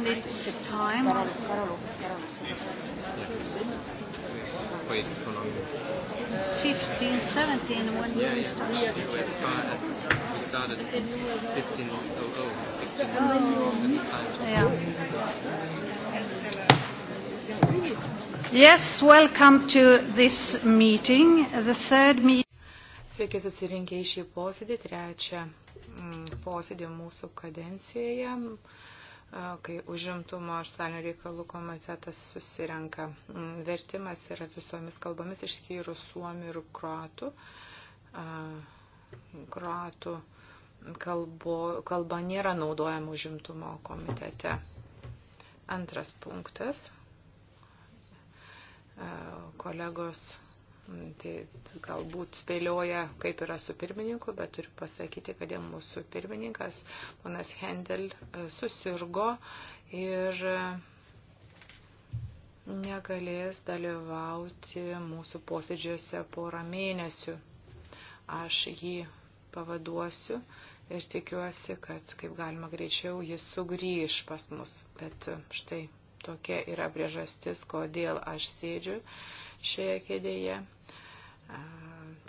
minutes' time. Wait, how long? 15, 17, when yeah, we yeah. started. We started 15.00. Oh, 15. oh. Yeah. Yes, welcome to this meeting, the third meeting. Sveiki susirinkę į šį posėdį, trečią mm, posėdį mūsų kadencijoje kai užimtumo ir salinio reikalų komitetas susirenka. Mm, vertimas yra visomis kalbomis išskyrus suomių ir kruatų. Kruatų kalbo, kalba nėra naudojama užimtumo komitete. Antras punktas. Kolegos Tai galbūt spėlioja, kaip yra su pirmininku, bet turiu pasakyti, kad mūsų pirmininkas, ponas Hendel, e, susirgo ir negalės dalyvauti mūsų posėdžiuose porą mėnesių. Aš jį pavaduosiu ir tikiuosi, kad kaip galima greičiau jis sugrįž pas mus. Bet e, štai tokia yra priežastis, kodėl aš sėdžiu šioje kėdėje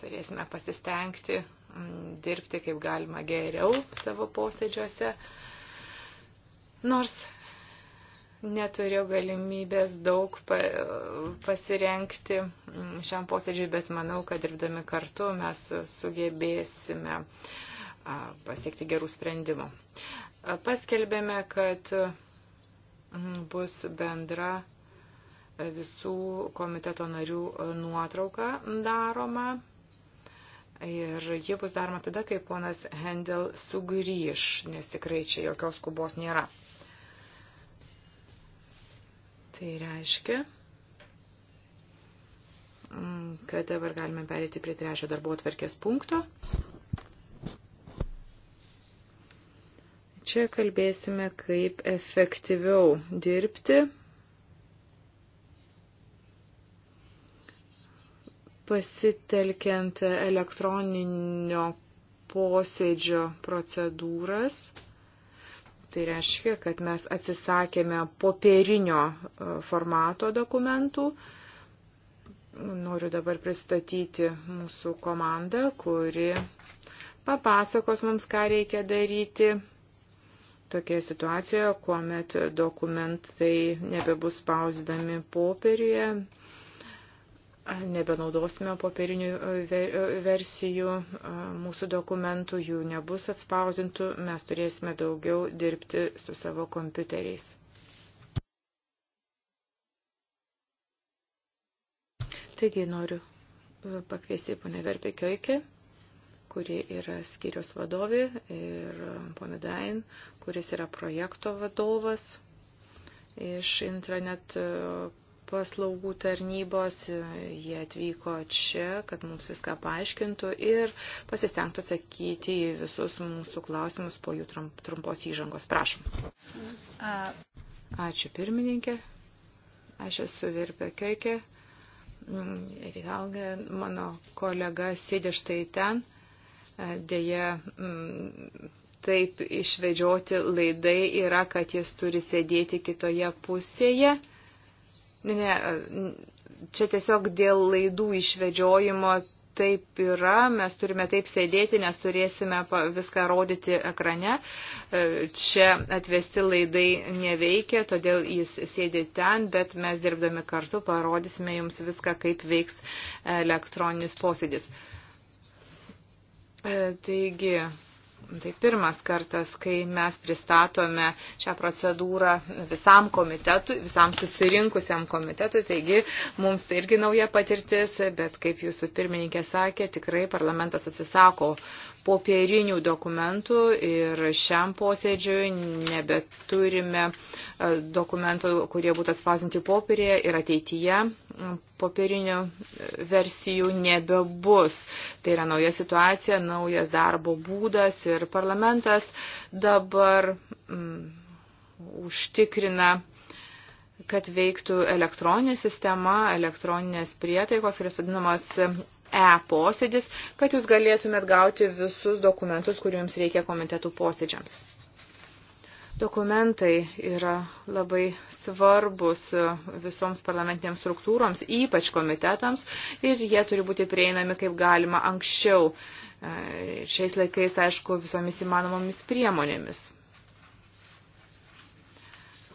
Turėsime pasistengti mm, dirbti kaip galima geriau savo posėdžiuose. Nors neturiu galimybės daug pa, pasirenkti mm, šiam posėdžiui, bet manau, kad dirbdami kartu mes sugebėsime pasiekti gerų sprendimų. Paskelbėme, kad mm, bus bendra visų komiteto narių e, nuotrauka daroma. Ir jie bus daroma tada, kai ponas Hendel sugrįž, nes tikrai čia jokios skubos nėra. Tai reiškia, mm, kad dabar galime perėti prie trečio darbo atverkės punkto. Čia kalbėsime, kaip efektyviau dirbti pasitelkiant elektroninio posėdžio procedūras. Tai reiškia, kad mes atsisakėme popierinio e, formato dokumentų. Noriu dabar pristatyti mūsų komandą, kuri papasakos mums, ką reikia daryti tokioje situacijoje, kuomet dokumentai nebebus spausdami popieriuje nebenaudosime popierinių e, e, versijų e, mūsų dokumentų, jų nebus atspausdintų, mes turėsime daugiau dirbti su savo kompiuteriais. Taigi noriu pakviesti ponę Verpė Kioikį, kuri yra skyrios vadovė, ir poną Dain, kuris yra projekto vadovas iš intranet paslaugų tarnybos, jie atvyko čia, kad mums viską paaiškintų ir pasistengtų atsakyti į visus mūsų klausimus po jų trumpos įžangos. Prašom. Ačiū pirmininkė. Aš esu Virpė Keikė. Ir Helga, mano kolega, sėdė štai ten. Deja, taip išvedžioti laidai yra, kad jis turi sėdėti kitoje pusėje. Ne, čia tiesiog dėl laidų išvedžiojimo taip yra, mes turime taip sėdėti, nes turėsime viską rodyti ekrane. E, čia atvesti laidai neveikia, todėl jis sėdi ten, bet mes dirbdami kartu parodysime jums viską, kaip veiks elektroninis posėdis. E, taigi, Tai pirmas kartas, kai mes pristatome šią procedūrą visam komitetui, visam susirinkusiam komitetui, taigi mums tai irgi nauja patirtis, bet kaip jūsų pirmininkė sakė, tikrai parlamentas atsisako popierinių dokumentų ir šiam posėdžiui nebeturime e, dokumentų, kurie būtų atspausinti popierėje ir ateityje popierinių e, versijų nebebus. Tai yra nauja situacija, naujas darbo būdas ir parlamentas dabar mm, užtikrina kad veiktų elektroninė sistema, elektroninės prietaikos, kurios vadinamas e-posėdis, kad jūs galėtumėt gauti visus dokumentus, kurių jums reikia komitetų posėdžiams. Dokumentai yra labai svarbus visoms parlamentinėms struktūroms, ypač komitetams, ir jie turi būti prieinami kaip galima anksčiau, e, šiais laikais, aišku, visomis įmanomomis priemonėmis.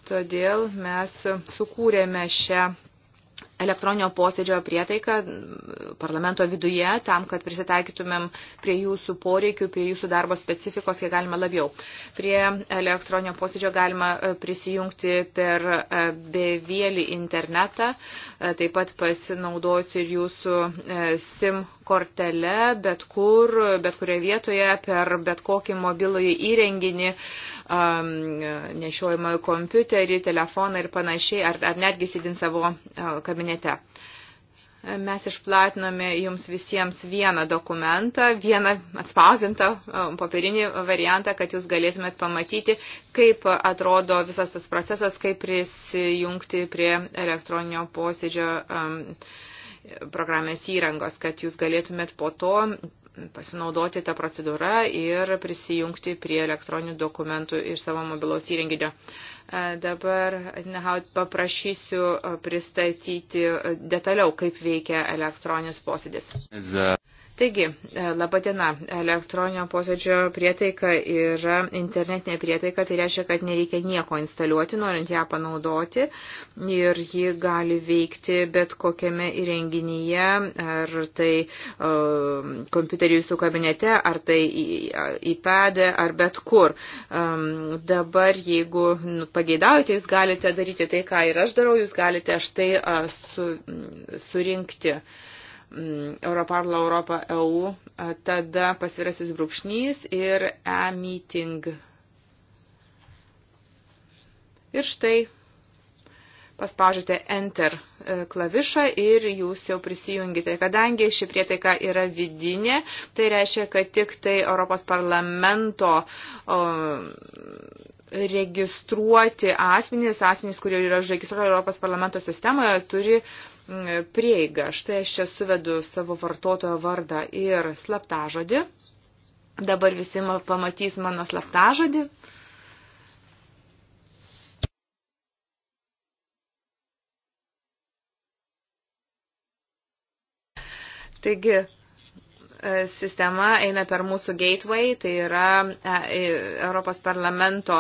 Todėl mes sukūrėme šią elektroninio posėdžio prietaiką parlamento viduje, tam, kad prisitaikytumėm prie jūsų poreikių, prie jūsų darbo specifikos, kiek galima labiau. Prie elektroninio posėdžio galima e, prisijungti per e, bevėlį internetą, e, taip pat pasinaudoti ir jūsų SIM kortele, bet kur, bet kurioje vietoje, per bet kokį mobilųjį įrenginį, um, nešiojimą kompiuterį, telefoną ir panašiai, ar, ar netgi sėdint savo uh, kabinete. Mes išplatinome jums visiems vieną dokumentą, vieną atspausdintą papirinį variantą, kad jūs galėtumėt pamatyti, kaip atrodo visas tas procesas, kaip prisijungti prie elektroninio posėdžio. Um, programės įrangos, kad jūs galėtumėt po to pasinaudoti tą procedūrą ir prisijungti prie elektroninių dokumentų iš savo mobilaus įrenginio. E, dabar Nehaut paprašysiu e, pristatyti e, detaliau, kaip veikia elektroninis posėdis. Uh, Taigi, e, laba diena, elektroninio posėdžio prietaika yra internetinė prietaika, tai reiškia, kad nereikia nieko instaliuoti, norint ją panaudoti ir ji gali veikti bet kokiame įrenginyje, ar tai uh, e, kompiuterių jūsų kabinete, ar tai iPad, ar bet kur. Um, dabar, jeigu nu, pageidaujate, jūs galite daryti tai, ką ir aš darau, jūs galite štai uh, su, surinkti. Uh, Mm, Europarla Europa EU, tada pasvirasis brūkšnys ir e-meeting. Ir štai paspaudžiate Enter e, klavišą ir jūs jau prisijungite. Kadangi ši prietaika yra vidinė, tai reiškia, kad tik tai Europos parlamento o, registruoti asmenys, asmenys, kurie yra užregistruoti Europos parlamento sistemoje, turi prieigą. Štai aš čia suvedu savo vartotojo vardą ir slaptažodį. Dabar visi pamatys mano slaptažodį. Taigi, E, sistema eina per mūsų gateway, tai yra e, e, Europos parlamento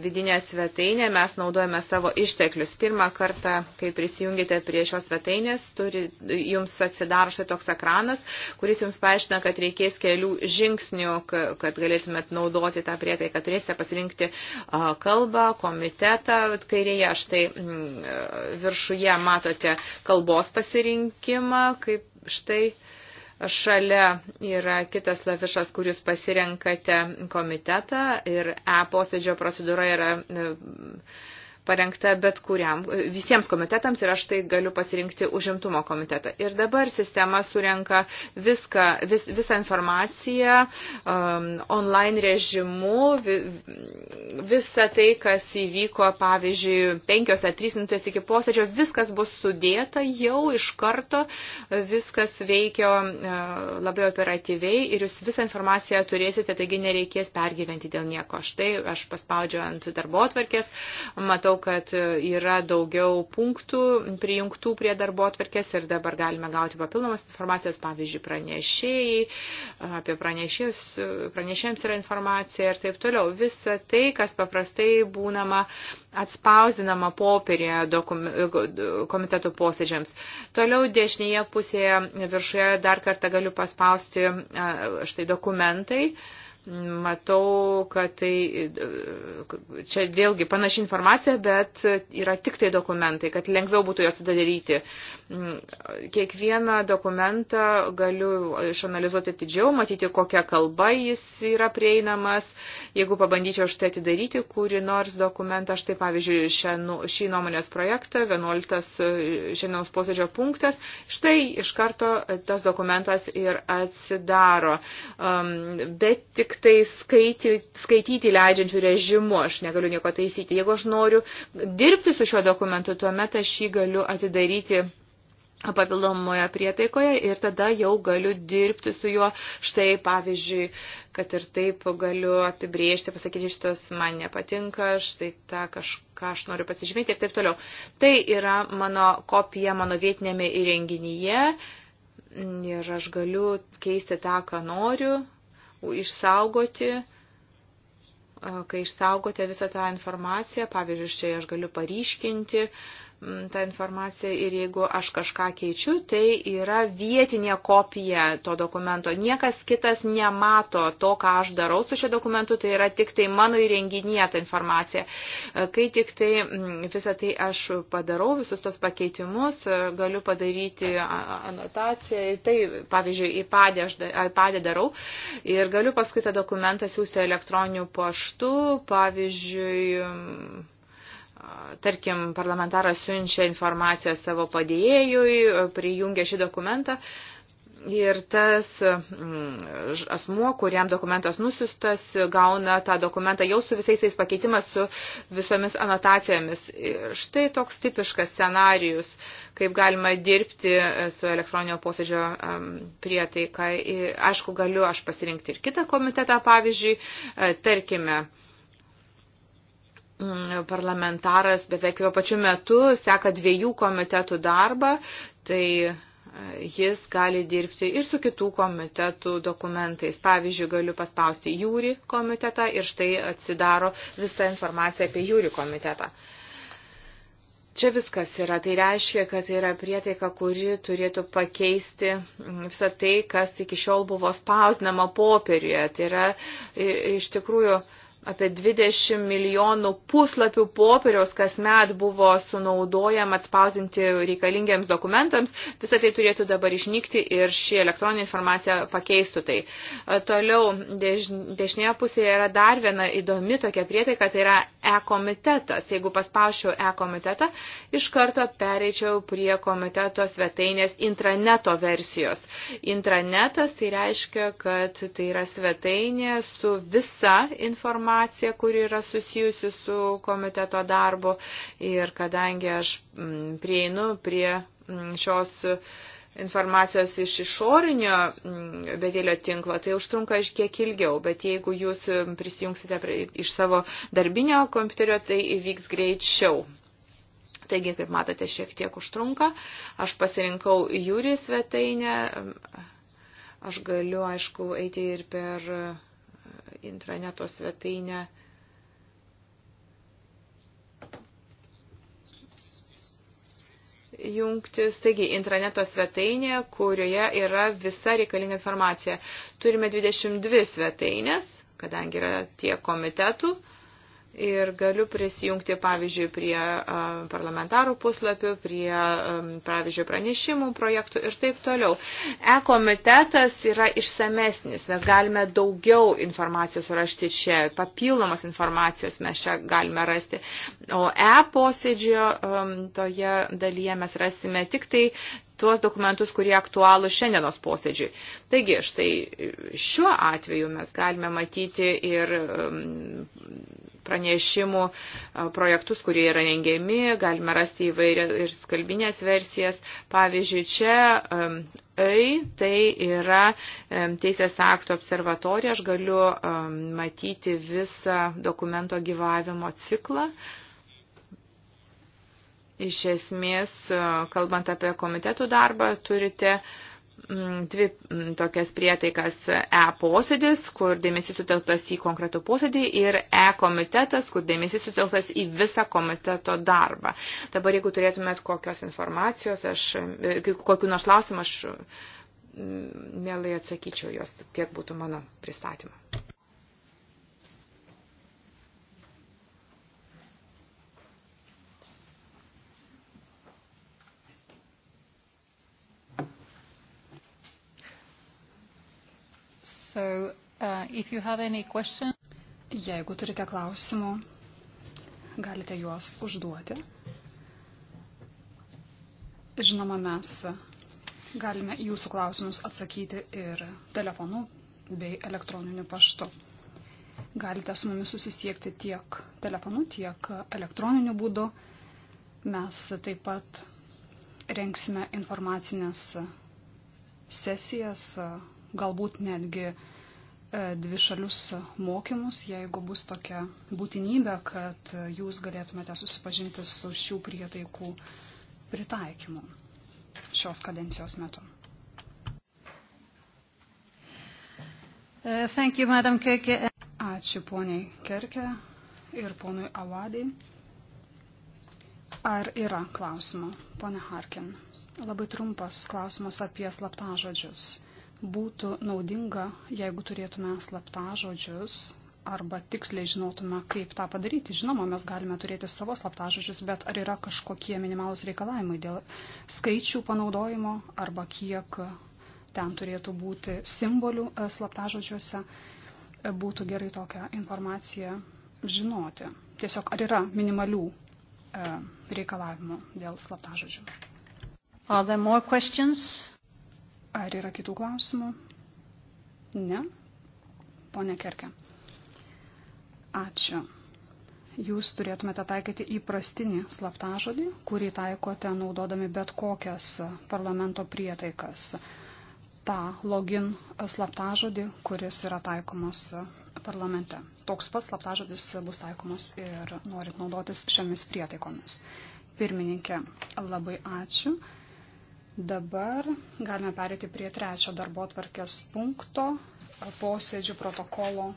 vidinė svetainė, mes naudojame savo išteklius. Pirmą kartą, kai prisijungite prie šios svetainės, turi, jums atsidaro štai toks ekranas, kuris jums paaiškina, kad reikės kelių žingsnių, kad galėtumėt naudoti tą prietaiką, kad turėsite pasirinkti kalbą, komitetą, kairėje štai mm, viršuje matote kalbos pasirinkimą, kaip štai Šalia yra kitas lafišas, kuris pasirenkate komitetą ir e posėdžio procedūra yra e, parengta bet kuriam, visiems komitetams ir aš tai galiu pasirinkti užimtumo komitetą. Ir dabar sistema surenka viską, vis, visą informaciją um, online režimu, vi, visą tai, kas įvyko, pavyzdžiui, penkios ar trys minutės iki posėdžio, viskas bus sudėta jau iš karto, viskas veikia uh, labai operatyviai ir jūs visą informaciją turėsite, taigi nereikės pergyventi dėl nieko. Štai aš paspaudžiu ant darbo atvarkės, matau, matau, kad e, yra daugiau punktų prijungtų prie darbo atverkės ir dabar galime gauti papildomas informacijos, pavyzdžiui, pranešėjai, apie e, pranešėjams yra informacija ir taip toliau. Visa tai, kas paprastai būnama atspausdinama popierė e, komitetų posėdžiams. Toliau dešinėje pusėje viršuje dar kartą galiu paspausti štai dokumentai. Uh, matau, kad tai čia vėlgi panaši informacija, bet yra tik tai dokumentai, kad lengviau būtų juos daryti. Kiekvieną dokumentą galiu išanalizuoti atidžiau, matyti, kokia kalba jis yra prieinamas. Jeigu pabandyčiau štai atidaryti kuri nors dokumentą, štai pavyzdžiui šią, nu, šį nuomonės projektą, 11 e, šiandienos posėdžio punktas, štai iš karto tas dokumentas ir atsidaro. Bet tik tik tai skaiti, skaityti leidžiančių režimų, aš negaliu nieko taisyti. Jeigu aš noriu dirbti su šiuo dokumentu, tuomet aš jį galiu atidaryti papildomoje prietaikoje ir tada jau galiu dirbti su juo. Štai, pavyzdžiui, kad ir taip galiu apibriežti, pasakyti, šitas man nepatinka, štai tą kažką aš noriu pasižymėti ir taip toliau. Tai yra mano kopija mano vietinėme įrenginyje ir aš galiu keisti tą, ką noriu, išsaugoti, kai išsaugote visą tą informaciją, pavyzdžiui, čia aš galiu paryškinti, Mm, tą informaciją ir jeigu aš kažką keičiu, tai yra vietinė kopija to dokumento. Niekas kitas nemato to, ką aš darau su šio dokumentu, tai yra tik tai mano įrenginėje ta informacija. E, kai tik tai mm, visą tai aš padarau, visus tos pakeitimus, e, galiu padaryti anotaciją ir tai, pavyzdžiui, į padė, aš, padė darau ir galiu paskui tą dokumentą siūsti elektroniniu paštu, pavyzdžiui, mm, tarkim, parlamentaras siunčia informaciją savo padėjėjui, prijungia šį dokumentą ir tas mm, asmuo, kuriam dokumentas nusiustas, gauna tą dokumentą jau su visais tais pakeitimas, su visomis anotacijomis. Ir štai toks tipiškas scenarius, kaip galima dirbti e, su elektroninio posėdžio prietaika. Aišku, galiu aš pasirinkti ir kitą komitetą, pavyzdžiui, e, tarkime, Mm, parlamentaras beveik tuo pačiu metu seka dviejų komitetų darbą, tai e, jis gali dirbti ir su kitų komitetų dokumentais. Pavyzdžiui, galiu paspausti jūri komitetą ir štai atsidaro visa informacija apie jūri komitetą. Čia viskas yra. Tai reiškia, kad tai yra prietaika, kuri turėtų pakeisti mm, visą tai, kas iki šiol buvo spausdinama popieriuje. Tai yra iš tikrųjų apie 20 milijonų puslapių popieriaus kasmet buvo sunaudojama atspausinti reikalingiams dokumentams. Visą tai turėtų dabar išnykti ir ši elektroninė informacija pakeistų tai. E, toliau deš, dešinėje pusėje yra dar viena įdomi tokia prietaika, tai yra e-komitetas. Jeigu paspausčiau e-komitetą, iš karto pereičiau prie komiteto svetainės intraneto versijos. Intranetas tai reiškia, kad tai yra svetainė su visa informacija informaciją, kuri yra susijusi su komiteto darbu ir kadangi aš mm, prieinu prie mm, šios informacijos iš išorinio vedėlio mm, tinklo, tai užtrunka iš kiek ilgiau, bet jeigu jūs prisijungsite prie, iš savo darbinio kompiuterio, tai įvyks greičiau. Taigi, kaip matote, šiek tiek užtrunka. Aš pasirinkau jūrį svetainę. Aš galiu, aišku, eiti ir per intraneto svetainę. jungtis, taigi intraneto svetainė, kurioje yra visa reikalinga informacija. Turime 22 svetainės, kadangi yra tie komitetų, uh, Ir galiu prisijungti, pavyzdžiui, prie parlamentarų puslapių, prie, pavyzdžiui, pranešimų projektų ir taip toliau. E-komitetas yra išsamesnis, mes galime daugiau informacijos surasti čia, papildomos informacijos mes čia galime rasti. O e-posėdžio toje dalyje mes rasime tik tai tuos dokumentus, kurie aktualų šiandienos posėdžiui. Taigi, štai šiuo atveju mes galime matyti ir pranešimų projektus, kurie yra rengiami, galime rasti įvairias kalbinės versijas. Pavyzdžiui, čia EI, tai yra Teisės akto observatorija, aš galiu matyti visą dokumento gyvavimo ciklą. Iš esmės, kalbant apie komitetų darbą, turite uh, Mm, dvi mm, tokias prietaikas E posėdis, kur dėmesys sutelktas į konkretų posėdį ir E komitetas, kur dėmesys sutelktas į visą komiteto darbą. Dabar, jeigu turėtumėt kokios informacijos, aš, e, kokiu nors klausimą, aš mm, mielai atsakyčiau jos, tiek būtų mano pristatymą. So, uh, if you have any question... Jeigu turite klausimų, galite juos užduoti. Žinoma, mes galime jūsų klausimus atsakyti ir telefonu bei elektroniniu paštu. Galite su mumis susisiekti tiek telefonu, tiek elektroniniu būdu. Mes taip pat rengsime informacinės sesijas galbūt netgi e, dvi šalius mokymus, jeigu bus tokia būtinybė, kad jūs galėtumėte susipažinti su šių prietaikų pritaikymu šios kadencijos metu. E, thank you, Madam Kirke. Ačiū poniai Kerke ir ponui Avadai. Ar yra klausimų, ponė Harkin? Labai trumpas klausimas apie slaptažodžius būtų naudinga, jeigu turėtume slaptažodžius arba tiksliai žinotume, kaip tą padaryti. Žinoma, mes galime turėti savo slaptažodžius, bet ar yra kažkokie minimalus reikalavimai dėl skaičių panaudojimo arba kiek ten turėtų būti simbolių e, slaptažodžiuose, e, būtų gerai tokią informaciją žinoti. Tiesiog ar yra minimalių e, reikalavimų dėl slaptažodžių. Are there more questions? Ar yra kitų klausimų? Ne? Pone Kerke. Ačiū. Jūs turėtumėte taikyti įprastinį slaptažodį, kurį taikote naudodami bet kokias parlamento prietaikas. Ta login slaptažodį, kuris yra taikomas parlamente. Toks pats slaptažodis bus taikomas ir norint naudotis šiomis prietaikomis. Pirmininkė, labai ačiū. Dabar galime perėti prie trečio darbo tvarkės punkto posėdžių protokolo e,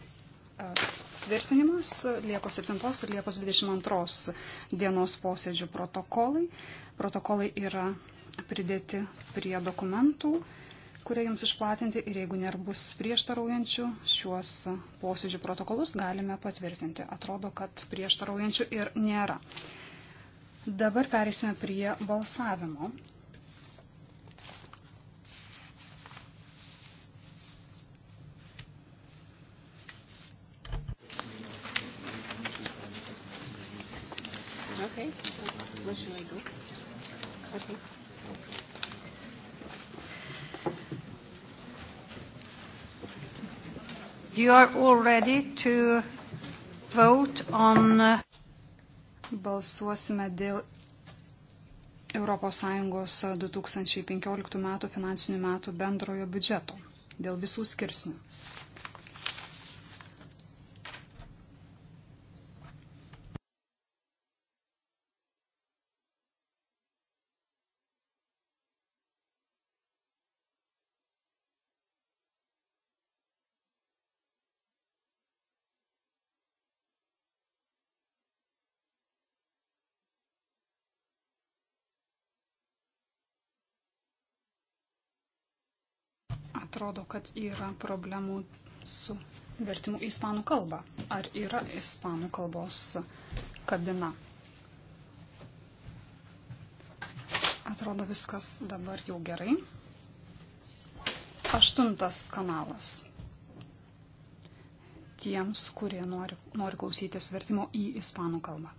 tvirtinimas Liepos 7 ir Liepos 22 dienos posėdžių protokolai. Protokolai yra pridėti prie dokumentų, kurie jums išplatinti ir jeigu nebus prieštaraujančių, šiuos posėdžių protokolus galime patvirtinti. Atrodo, kad prieštaraujančių ir nėra. Dabar perėsime prie balsavimo. you are all ready to vote on. Uh, Balsuosime dėl ES 2015 uh, metų finansinių metų bendrojo biudžeto, dėl visų skirsnių. atrodo, kad yra problemų su vertimu į ispanų kalbą. Ar yra ispanų kalbos kabina? Atrodo viskas dabar jau gerai. Aštuntas kanalas. Tiems, kurie nori, nori klausytis vertimo į ispanų kalbą.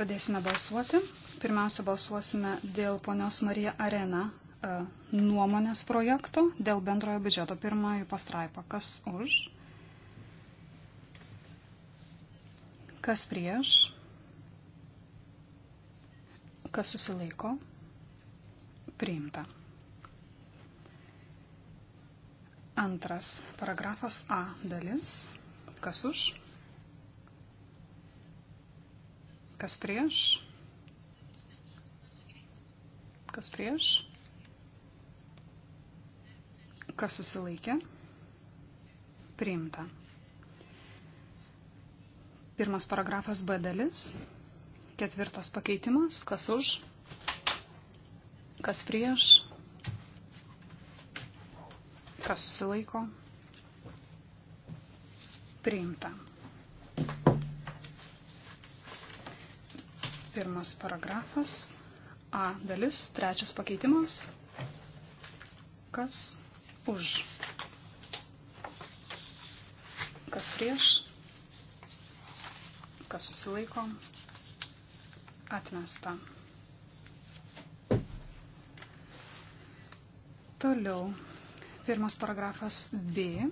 Pradėsime balsuoti. Pirmiausia, balsuosime dėl ponios Marija Arena e, nuomonės projekto dėl bendrojo biudžeto pirmąjį pastraipą. Kas už? Kas prieš? Kas susilaiko? Priimta. Antras paragrafas A dalis. Kas už? Kas prieš? Kas prieš? Kas susilaikė? Priimta. Pirmas paragrafas B dalis. Ketvirtas pakeitimas. Kas už? Kas prieš? Kas susilaiko? Priimta. Pirmas paragrafas. A dalis. Trečias pakeitimas. Kas už? Kas prieš? Kas susilaiko? Atmesta. Toliau. Pirmas paragrafas B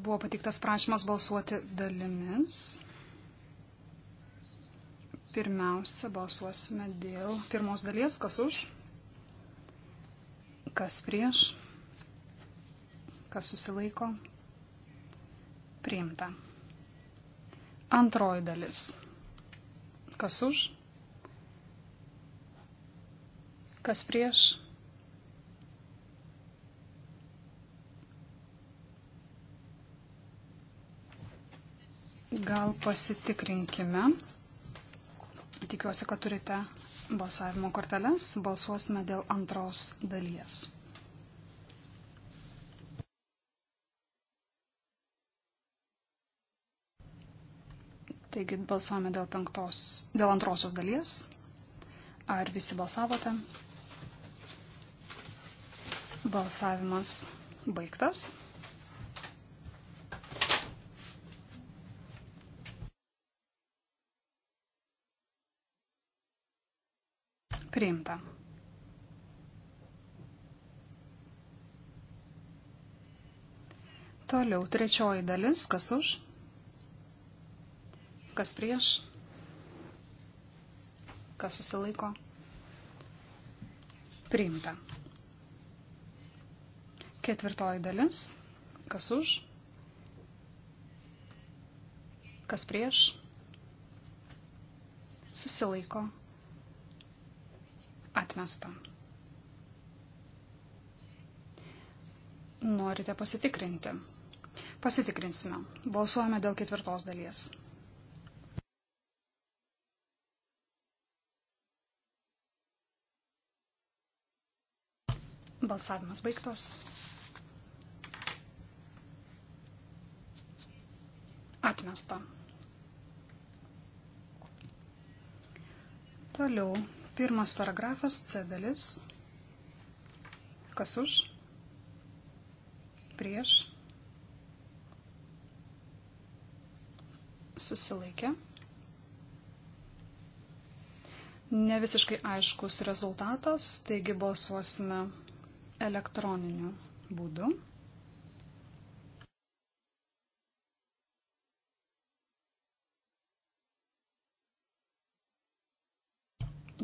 buvo pateiktas prašymas balsuoti dalimis. Pirmiausia, balsuosime dėl pirmos dalies, kas už, kas prieš, kas susilaiko, priimta. Antroji dalis, kas už, kas prieš, Gal pasitikrinkime. Tikiuosi, kad turite balsavimo korteles. Balsuosime dėl antros dalies. Taigi balsuojame dėl, penktos, dėl antrosios dalies. Ar visi balsavote? Balsavimas baigtas. Priimta. Toliau trečioji dalis, kas už, kas prieš, kas susilaiko. Priimta. Ketvirtoji dalis, kas už, kas prieš, susilaiko. Atmesta. Norite pasitikrinti? Pasitikrinsime. Balsuojame dėl ketvirtos dalies. Balsavimas baigtas. Atmesta. Toliau Pirmas paragrafas, C dalis. Kas už? Prieš. Susilaikė. Ne visiškai aiškus rezultatas, taigi balsuosime elektroniniu būdu.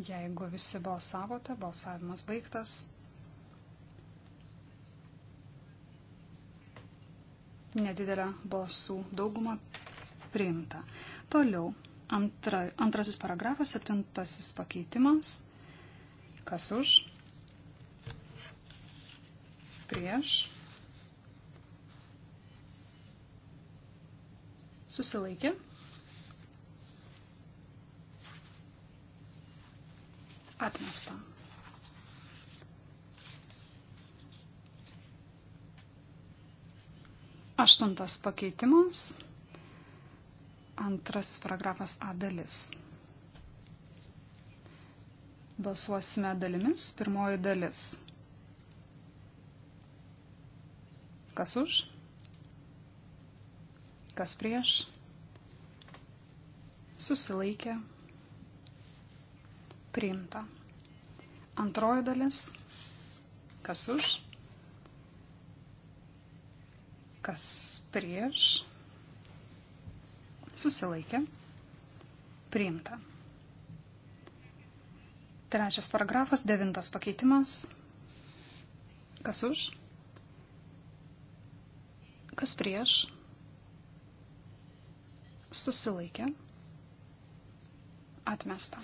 Jeigu visi balsavote, balsavimas baigtas. Nedidelė balsų dauguma priimta. Toliau antra, antrasis paragrafas, septintasis pakeitimas. Kas už? Prieš. Susilaikė. atmesta. Aštuntas pakeitimas. Antras paragrafas A dalis. Balsuosime dalimis. Pirmoji dalis. Kas už? Kas prieš? Susilaikė. Priimta. Antroji dalis. Kas už? Kas prieš? Susilaikė. Priimta. Trečias paragrafas, devintas pakeitimas. Kas už? Kas prieš? Susilaikė. Atmesta.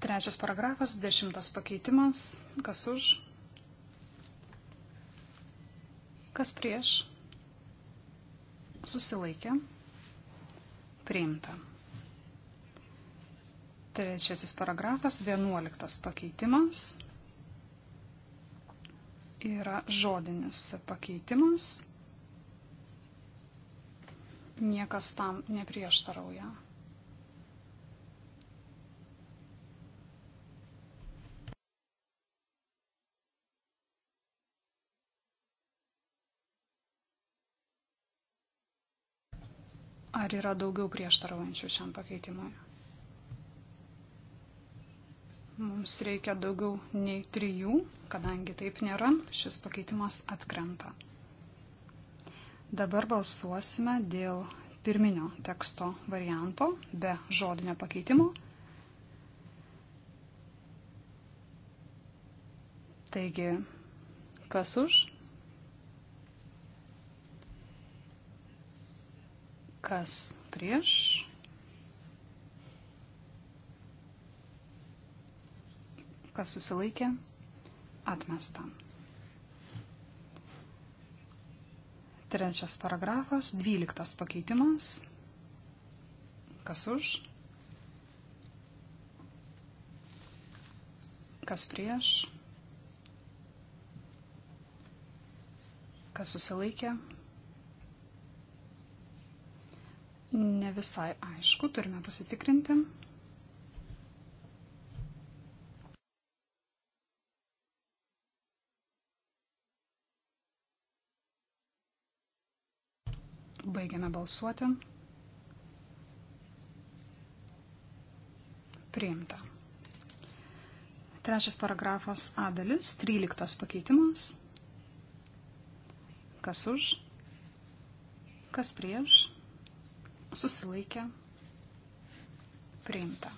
Trečias paragrafas, dešimtas pakeitimas. Kas už? Kas prieš? Susilaikė. Priimta. Trečiasis paragrafas, vienuoliktas pakeitimas. Yra žodinis pakeitimas. Niekas tam neprieštarauja. Ar yra daugiau prieštaraujančių šiam pakeitimui? Mums reikia daugiau nei trijų, kadangi taip nėra, šis pakeitimas atkrenta. Dabar balsuosime dėl pirminio teksto varianto be žodinio pakeitimo. Taigi, kas už? Kas prieš? Kas susilaikė? Atmesta. Trečias paragrafas, dvyliktas pakeitimas. Kas už? Kas prieš? Kas susilaikė? Ne visai aišku, turime pasitikrinti. Baigiame balsuoti. Priimta. Trečias paragrafas A dalis, 13 pakeitimas. Kas už, kas prieš, susilaikė, priimta.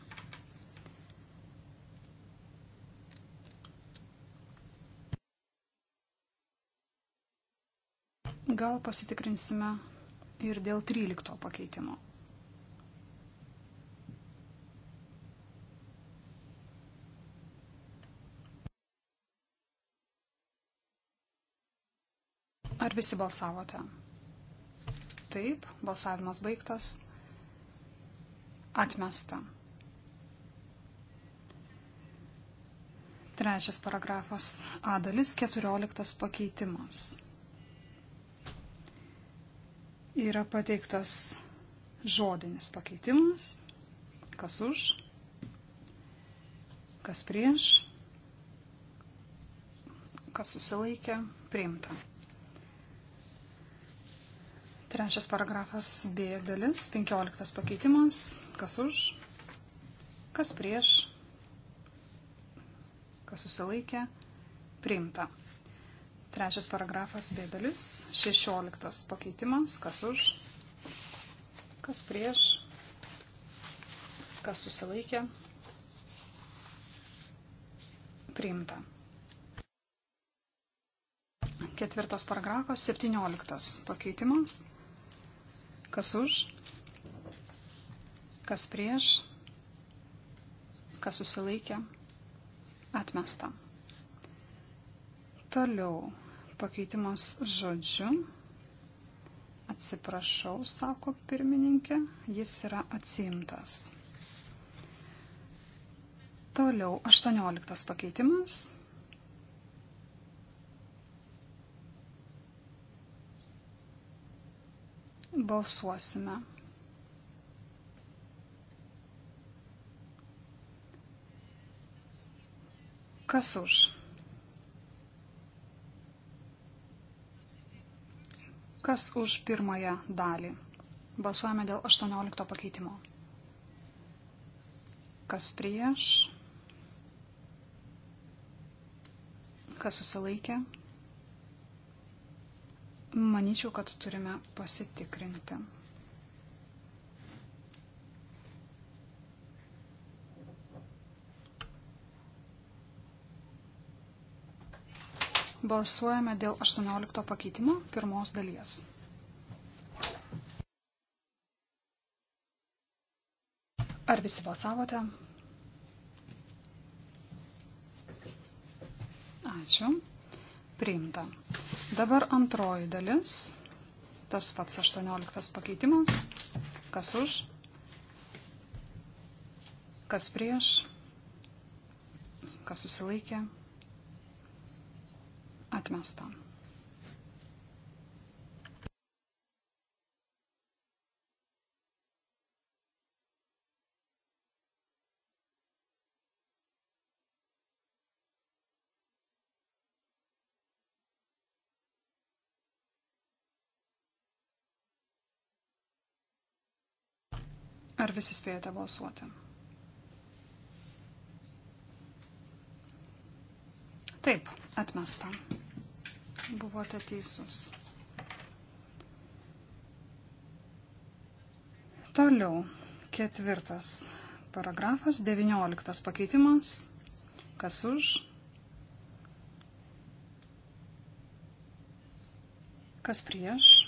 Gal pasitikrinsime ir dėl 13 pakeitimo. Ar visi balsavote? Taip, balsavimas baigtas. Atmesta. Trečias paragrafas A dalis, keturioliktas pakeitimas. Yra pateiktas žodinis pakeitimas. Kas už? Kas prieš? Kas susilaikė? Priimta. Trečias paragrafas B dalis, 15 pakeitimas, kas už, kas prieš, kas susilaikė, priimta. Trečias paragrafas B dalis, 16 pakeitimas, kas už, kas prieš, kas susilaikė, priimta. Ketvirtas paragrafas, 17 pakeitimas. Kas už? Kas prieš? Kas susilaikė? Atmesta. Toliau pakeitimas žodžiu. Atsiprašau, sako pirmininkė, jis yra atsimtas. Toliau 18 pakeitimas. balsuosime. Kas už? Kas už pirmąją dalį? Balsuojame dėl 18 pakeitimo. Kas prieš? Kas susilaikė? Manyčiau, kad turime pasitikrinti. Balsuojame dėl 18 pakeitimo pirmos dalies. Ar visi balsavote? Ačiū. Priimta. Dabar antroji dalis. Tas pats 18 pakeitimas. Kas už? Kas prieš? Kas susilaikė? Atmestam. Ar visi spėjote balsuoti? Taip, atmesta. Buvote teisus. Toliau, ketvirtas paragrafas, devinioliktas pakeitimas. Kas už? Kas prieš?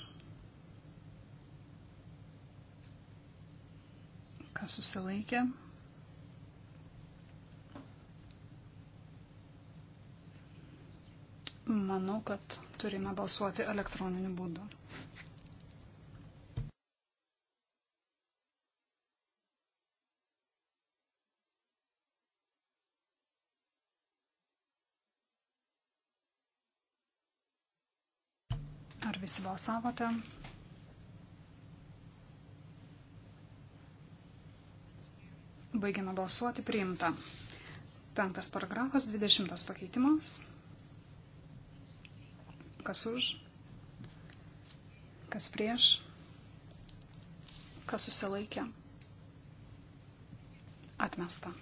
kas susilaikė. Manau, kad turime balsuoti elektroniniu būdu. Ar visi balsavote? Baigiame balsuoti priimta. Penktas paragrafas, dvidešimtas pakeitimas. Kas už? Kas prieš? Kas susilaikė? Atmesta.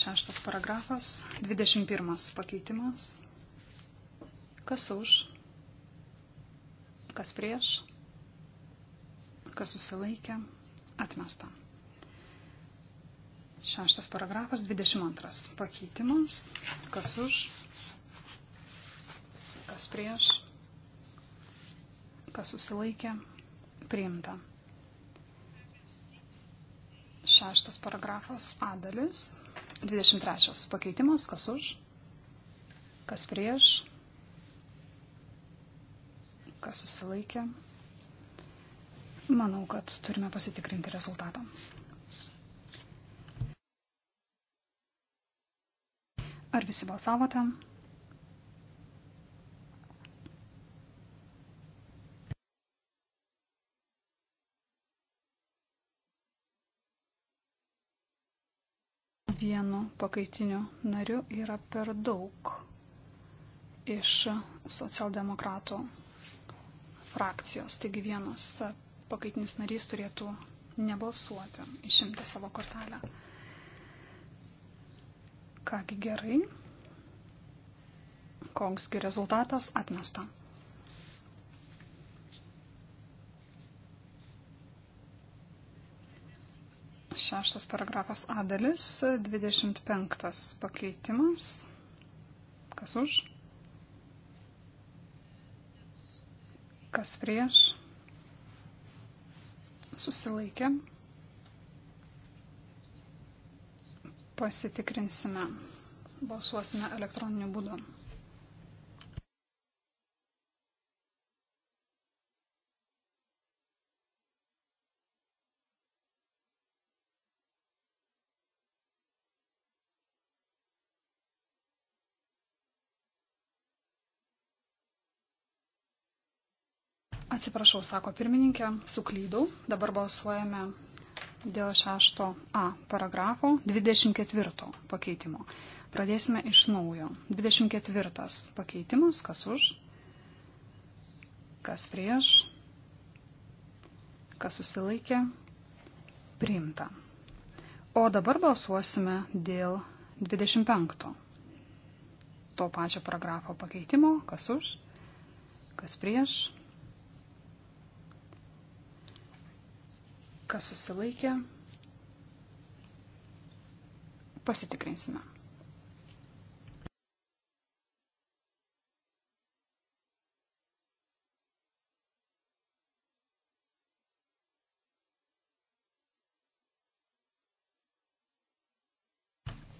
Šeštas paragrafas, dvidešimt pirmas pakeitimas. Kas už? Kas prieš? Kas susilaikė? Atmesta. Šeštas paragrafas, 22 pakeitimas. Kas už, kas prieš, kas susilaikė, priimta. Šeštas paragrafas, A dalis, 23 pakeitimas. Kas už, kas prieš, kas susilaikė. Manau, kad turime pasitikrinti rezultatą. Ar visi balsavote? Vienu pakaitiniu nariu yra per daug iš socialdemokratų frakcijos. Taigi vienas pakaitinis narys turėtų nebalsuoti, išimti savo kortelę. Kągi gerai. Koksgi rezultatas atmesta. Šeštas paragrafas A dalis, 25 pakeitimas. Kas už? Kas prieš? Susilaikė. Pasitikrinsime. Balsuosime elektroniniu būdu. Atsiprašau, sako pirmininkė, suklydau. Dabar balsuojame dėl 6a paragrafo 24 pakeitimo. Pradėsime iš naujo. 24 pakeitimas, kas už, kas prieš, kas susilaikė, priimta. O dabar balsuosime dėl 25 to pačio paragrafo pakeitimo, kas už, kas prieš, Kas susilaikė? Pasitikrinsime.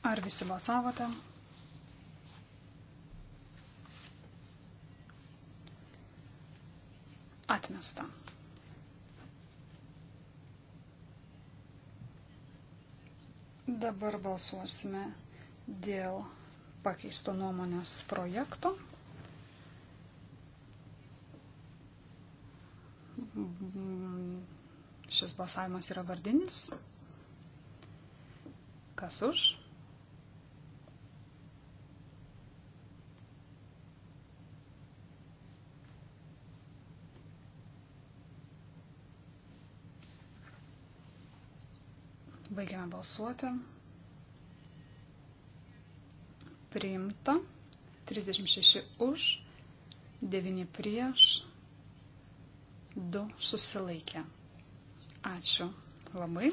Ar visi balsavote? Atmesta. Dabar balsuosime dėl pakeisto nuomonės projekto. Šis balsavimas yra vardinis. Kas už? Baigiame balsuoti. Priimta. 36 už, 9 prieš, 2 susilaikė. Ačiū labai.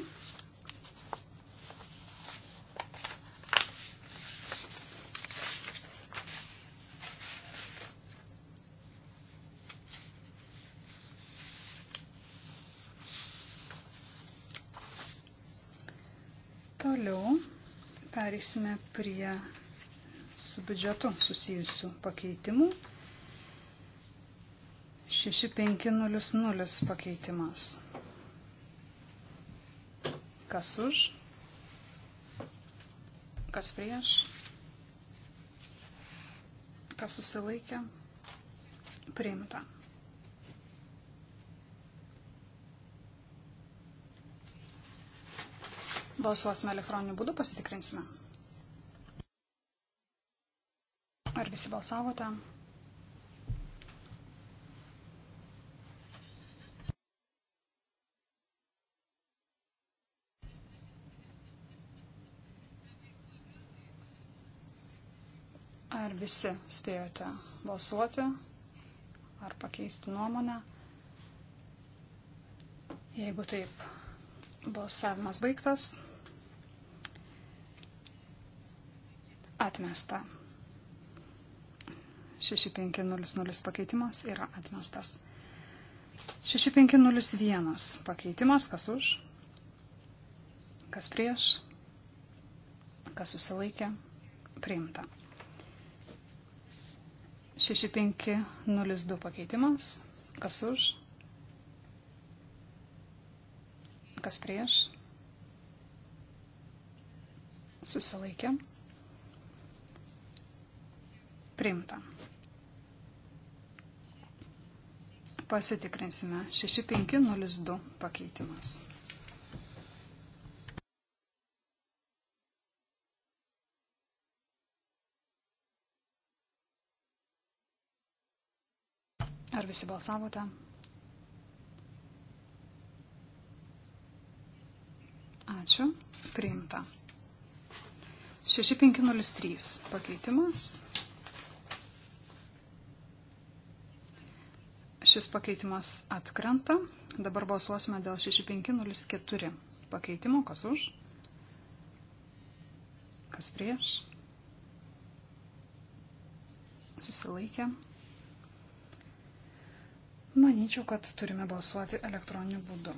pereisime prie su biudžetu susijusių pakeitimų. 6500 pakeitimas. Kas už? Kas prieš? Kas susilaikė? Priimta. Balsuosime elektroniniu būdu, pasitikrinsime. Ar visi balsavote? Ar visi spėjote balsuoti ar pakeisti nuomonę? Jeigu taip, balsavimas baigtas. Atmesta. 6500 pakeitimas yra atmestas. 6501 pakeitimas, kas už, kas prieš, kas susilaikė, priimta. 6502 pakeitimas, kas už, kas prieš, susilaikė, priimta. Pasitikrinsime. 6502 pakeitimas. Ar visi balsavote? Ačiū. Priimta. 6503 pakeitimas. Šis pakeitimas atkrenta. Dabar balsuosime dėl 6504 pakeitimo. Kas už? Kas prieš? Susilaikė. Manyčiau, kad turime balsuoti elektroniniu būdu.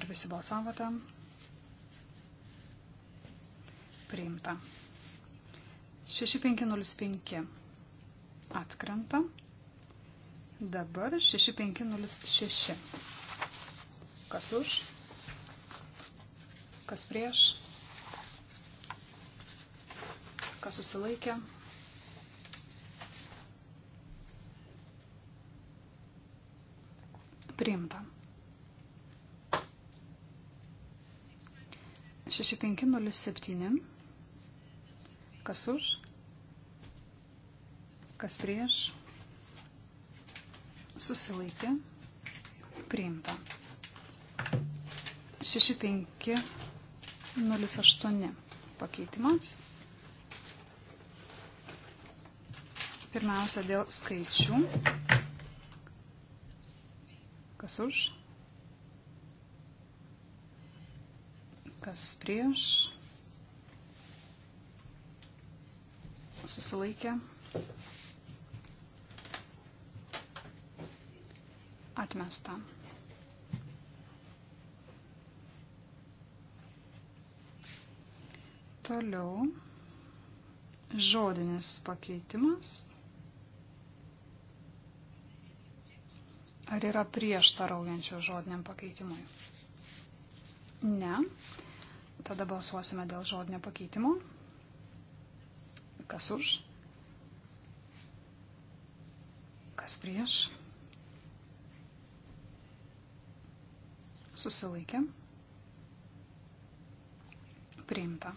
Ar visi balsavote? Priimta. 6505 atkrenta. Dabar 6506. Kas už? Kas prieš? Kas susilaikė? Priimta. 6507. Kas už? Kas prieš? Susilaikė. Priimta. 6508 pakeitimas. Pirmiausia, dėl skaičių. Kas už? Kas prieš? Susilaikė. Atmesta. Toliau žodinis pakeitimas. Ar yra prieštaraujančio žodiniam pakeitimui? Ne. Tada balsuosime dėl žodinio pakeitimo. Kas už? Kas prieš? Susilaikė. Priimta.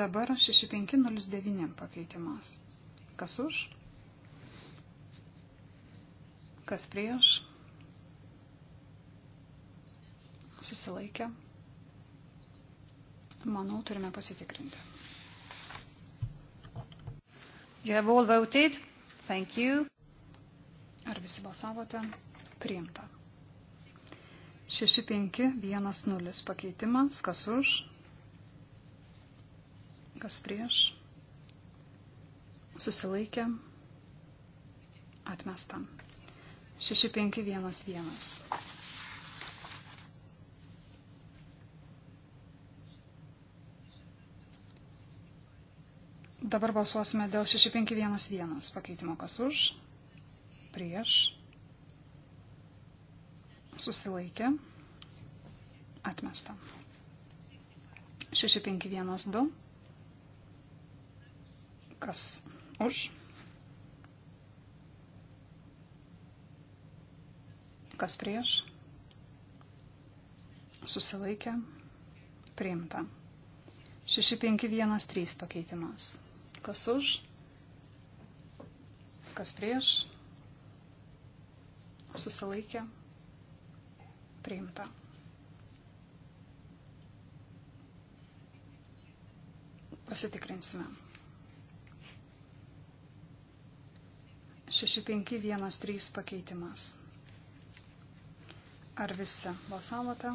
Dabar 6509 pakeitimas. Kas už? Kas prieš? Susilaikė. Manau, turime pasitikrinti. You have all voted. Thank you. Ar visi balsavote? Priimta. 6510 pakeitimas. Kas už? Kas prieš? Susilaikė. Atmesta. 6511. Dabar balsuosime dėl 6511 pakeitimo. Kas už? Prieš. Susilaikė. Atmesta. 6512. Kas už? Kas prieš? Susilaikė. Priimta. 6513 pakeitimas. Kas už? Kas prieš? Susilaikė. Priimta. Pasitikrinsime. 6513 pakeitimas. Ar visi balsavote?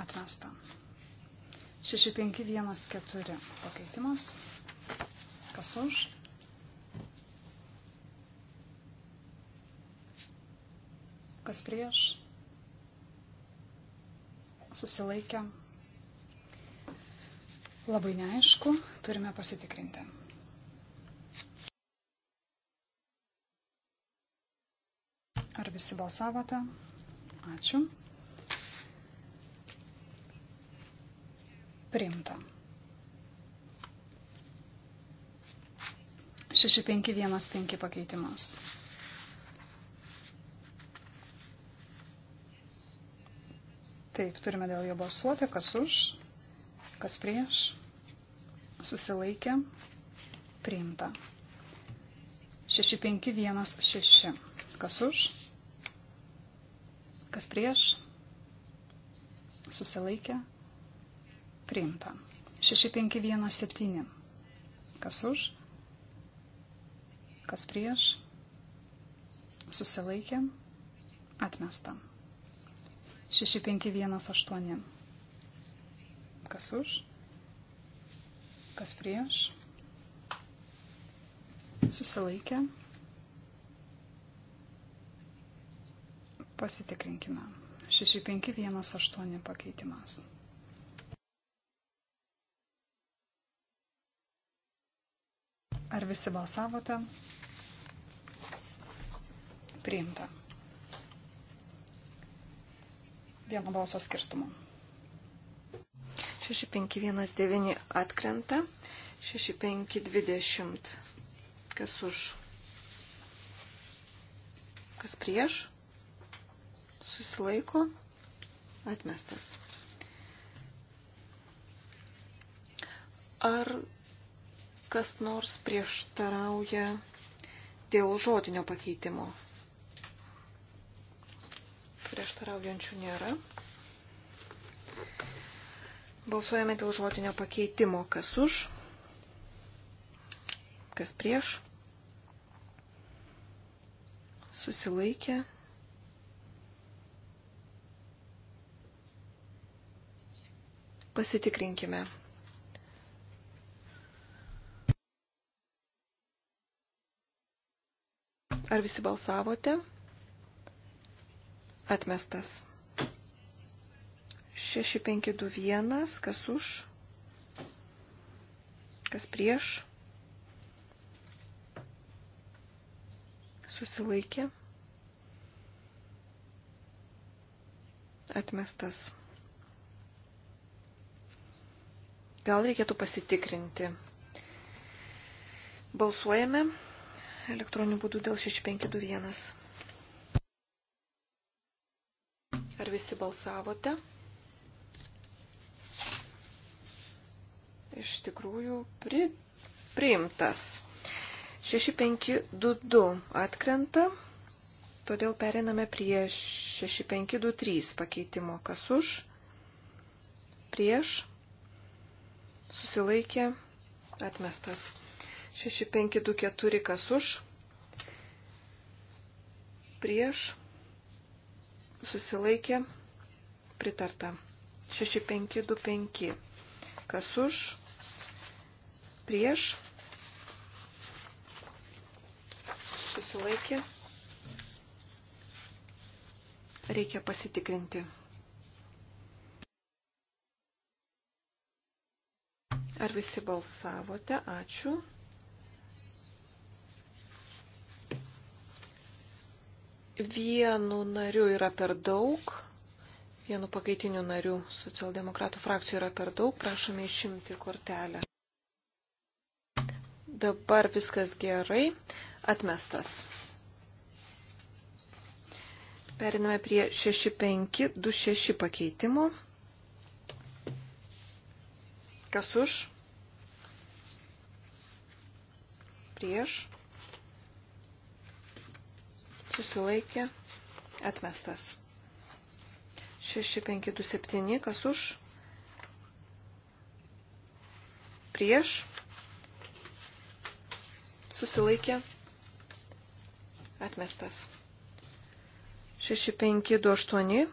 Atrasta. 6514 pakeitimas. Kas už? Kas prieš? Susilaikę. Labai neaišku, turime pasitikrinti. Ar visi balsavote? Ačiū. Priimta. 6515 pakeitimas. Taip, turime dėl jo balsuoti, kas už, kas prieš, susilaikė, priimta. 6516, kas už, kas prieš, susilaikė, priimta Priimta. 6517. Kas už? Kas prieš? Susilaikė. Atmesta. 6518. Kas už? Kas prieš? Susilaikė. Pasitikrinkime. 6518 pakeitimas. Ar visi balsavote? Priimta. Vieno balso skirtumu. 6519 atkrenta. 6520. Kas už? Kas prieš? Susilaiko. Atmestas. Ar kas nors prieštarauja dėl žodinio pakeitimo? Prieštaraujančių nėra. Balsuojame dėl žodinio pakeitimo. Kas už? Kas prieš? Susilaikė. Pasitikrinkime. Ar visi balsavote? Atmestas. 6521, kas už, kas prieš, susilaikė, atmestas. Gal reikėtų pasitikrinti. Balsuojame elektroniniu būdu dėl 6521. Ar visi balsavote? Iš tikrųjų pri, priimtas. 6522 atkrenta, todėl periname prie 6523 pakeitimo. Kas už? Prieš? Susilaikė? Atmestas. 6524 kas už, prieš, susilaikė, pritarta. 6525 kas už, prieš, susilaikė, reikia pasitikrinti. Ar visi balsavote? Ačiū. vienu nariu yra per daug, vienu pakaitiniu nariu socialdemokratų frakcijų yra per daug, prašome išimti kortelę. Dabar viskas gerai, atmestas. Periname prie 6526 pakeitimų. Kas už? Prieš susilaikė, atmestas. 6527, kas už, prieš, susilaikė, atmestas. 6528,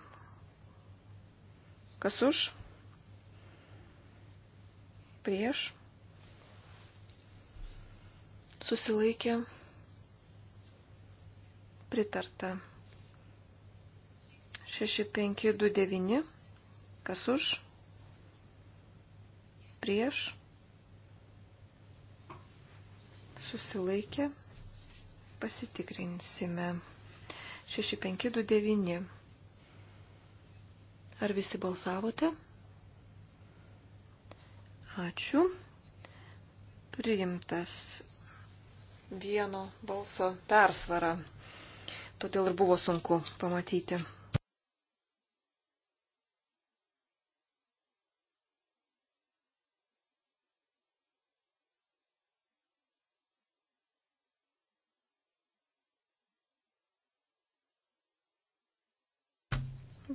kas už, prieš, susilaikė, atmestas Pritarta. 6529. Kas už? Prieš. Susilaikė. Pasitikrinsime. 6529. Ar visi balsavote? Ačiū. Priimtas vieno balso persvara todėl ir buvo sunku pamatyti.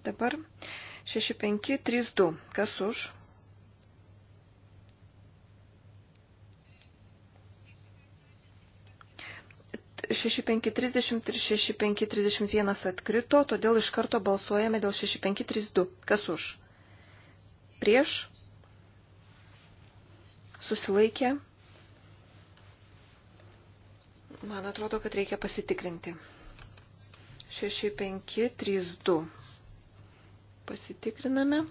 Dabar 6532. Kas už? 6530 ir 6531 atkrito, todėl iš karto balsuojame dėl 6532. Kas už? Prieš? Susilaikė? Man atrodo, kad reikia pasitikrinti. 6532. Pasitikriname.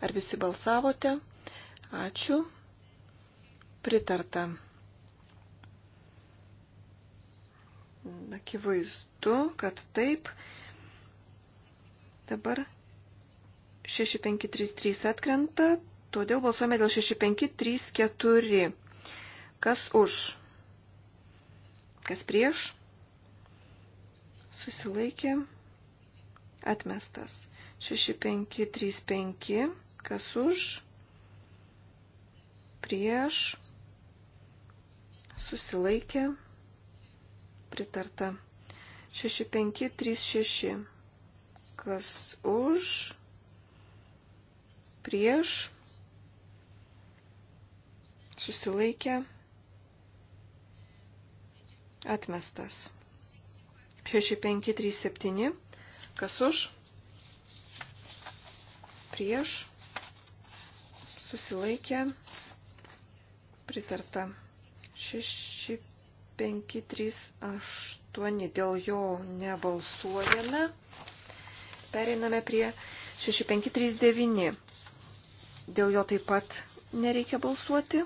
Ar visi balsavote? Ačiū. Pritarta. akivaizdu, kad taip. Dabar 6533 atkrenta, todėl balsuojame dėl 6534. Kas už? Kas prieš? Susilaikė. Atmestas. 6535. Kas už? Prieš. Susilaikė pritarta. 6536. Kas už? Prieš? Susilaikė? Atmestas. 6537. Kas už? Prieš? Susilaikė? Pritarta. 6 538, dėl jo nebalsuojame. Pereiname prie 6539. Dėl jo taip pat nereikia balsuoti.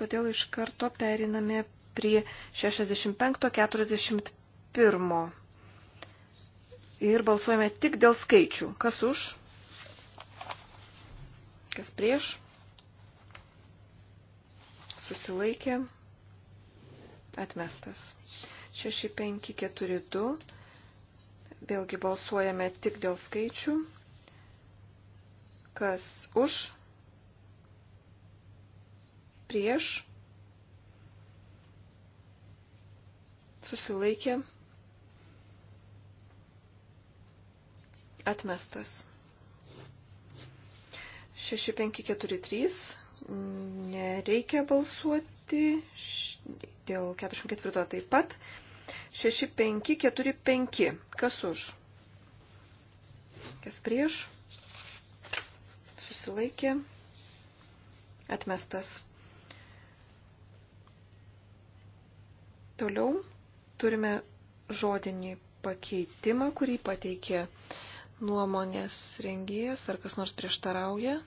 Todėl iš karto periname prie 65-41. Ir balsuojame tik dėl skaičių. Kas už? Kas prieš? susilaikė, atmestas. 6542, vėlgi balsuojame tik dėl skaičių, kas už, prieš, susilaikė, atmestas. 6543 nereikia balsuoti, dėl 44 taip pat. 6, 5, 4, 5. Kas už? Kas prieš? Susilaikė. Atmestas. Toliau turime žodinį pakeitimą, kurį pateikė nuomonės rengėjas, ar kas nors prieštarauja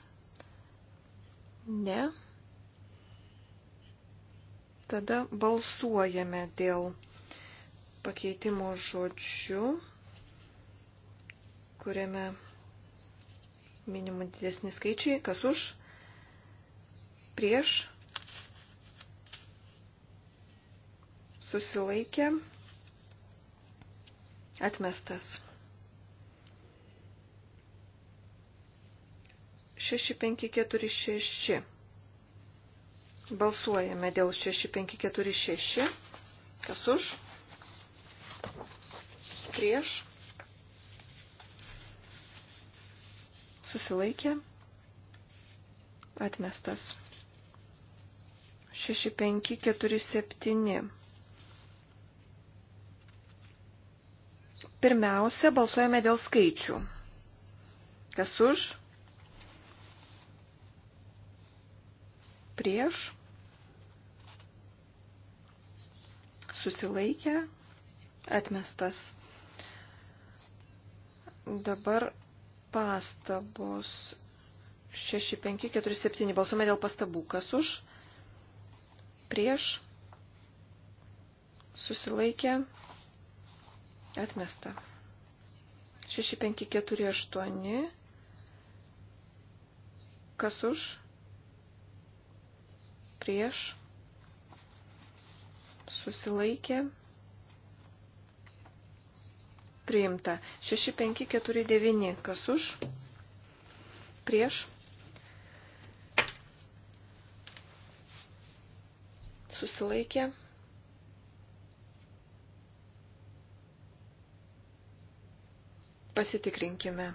Ne. Tada balsuojame dėl pakeitimo žodžiu, kuriame minimum didesni skaičiai, kas už, prieš, susilaikė, atmestas. 6546. Balsuojame dėl 6546. Kas už? Prieš. Susilaikė. Atmestas. 6547. Pirmiausia, balsuojame dėl skaičių. Kas už? prieš, susilaikę, atmestas. Dabar pastabos 6, 5, 4, 7. Balsuome dėl pastabų. Kas už? Prieš. Susilaikę. Atmesta. 6, 5, 4, 8. Kas už? prieš, susilaikė, priimta. 6549, kas už, prieš, susilaikė. Pasitikrinkime.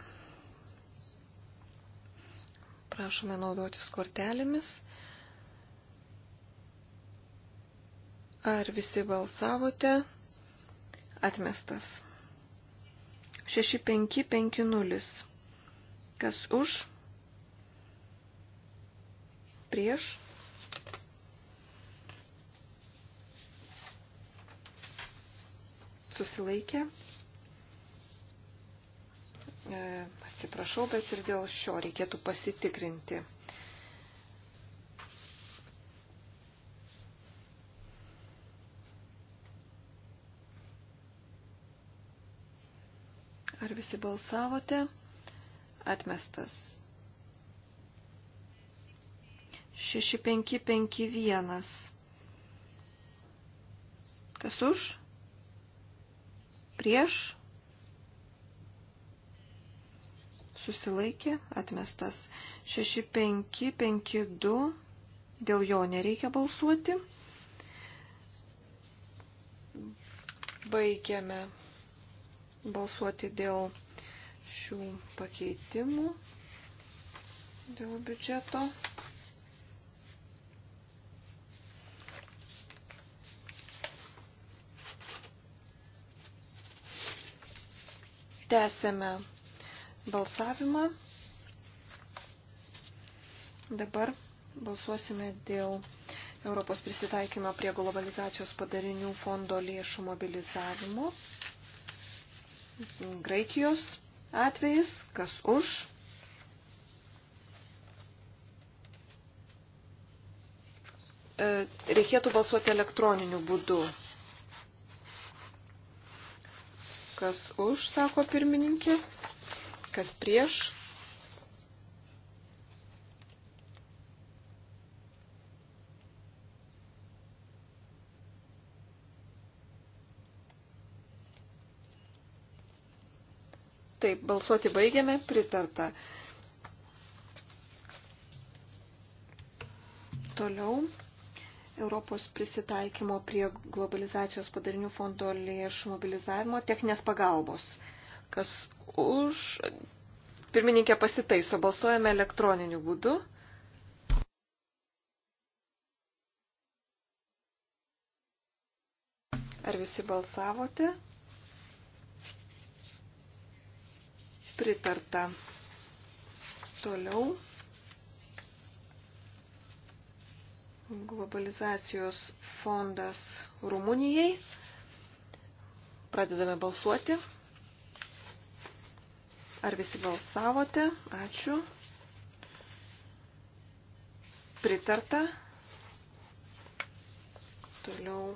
Prašome naudotis kortelėmis. Ar visi balsavote? Atmestas. 6550. Kas už? Prieš? Susilaikė. E, atsiprašau, bet ir dėl šio reikėtų pasitikrinti. visi balsavote. Atmestas. 6551. Kas už? Prieš? Susilaikė, atmestas. 6552. Dėl jo nereikia balsuoti. Baigiame balsuoti dėl šių pakeitimų, dėl biudžeto. Tęsėme balsavimą. Dabar balsuosime dėl Europos prisitaikymą prie globalizacijos padarinių fondo lėšų mobilizavimo. Graikijos atvejis, kas už. E, reikėtų balsuoti elektroniniu būdu. Kas už, sako pirmininkė, kas prieš. Taip, balsuoti baigiame, pritarta. Toliau. Europos prisitaikymo prie globalizacijos padarinių fondo lėšų mobilizavimo techninės pagalbos. Kas už. Pirmininkė pasitaiso, balsuojame elektroniniu būdu. Ar visi balsavote? pritarta. Toliau globalizacijos fondas Rumunijai. Pradedame balsuoti. Ar visi balsavote? Ačiū. Pritarta. Toliau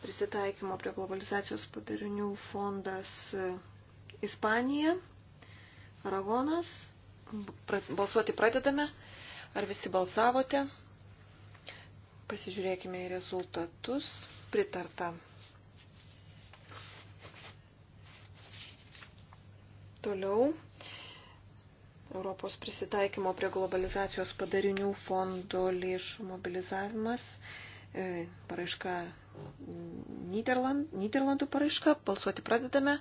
prisitaikymo prie globalizacijos padarinių fondas Ispanija. Aragonas. Balsuoti pradedame. Ar visi balsavote? Pasižiūrėkime į rezultatus. Pritarta. Toliau. Europos prisitaikymo prie globalizacijos padarinių fondo lėšų mobilizavimas. E, paraiška Niderland, Niderlandų paraiška. Balsuoti pradedame.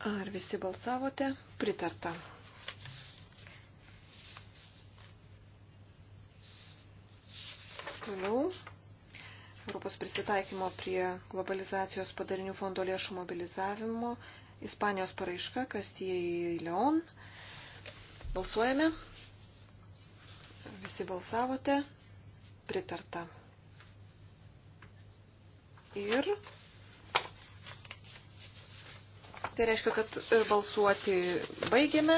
Ar visi balsavote? Pritarta. Toliau. Europos prisitaikymo prie globalizacijos padarinių fondo lėšų mobilizavimo. Ispanijos paraiška, Kastijai Leon. Balsuojame. Visi balsavote. Pritarta. Ir Tai reiškia, kad balsuoti baigėme.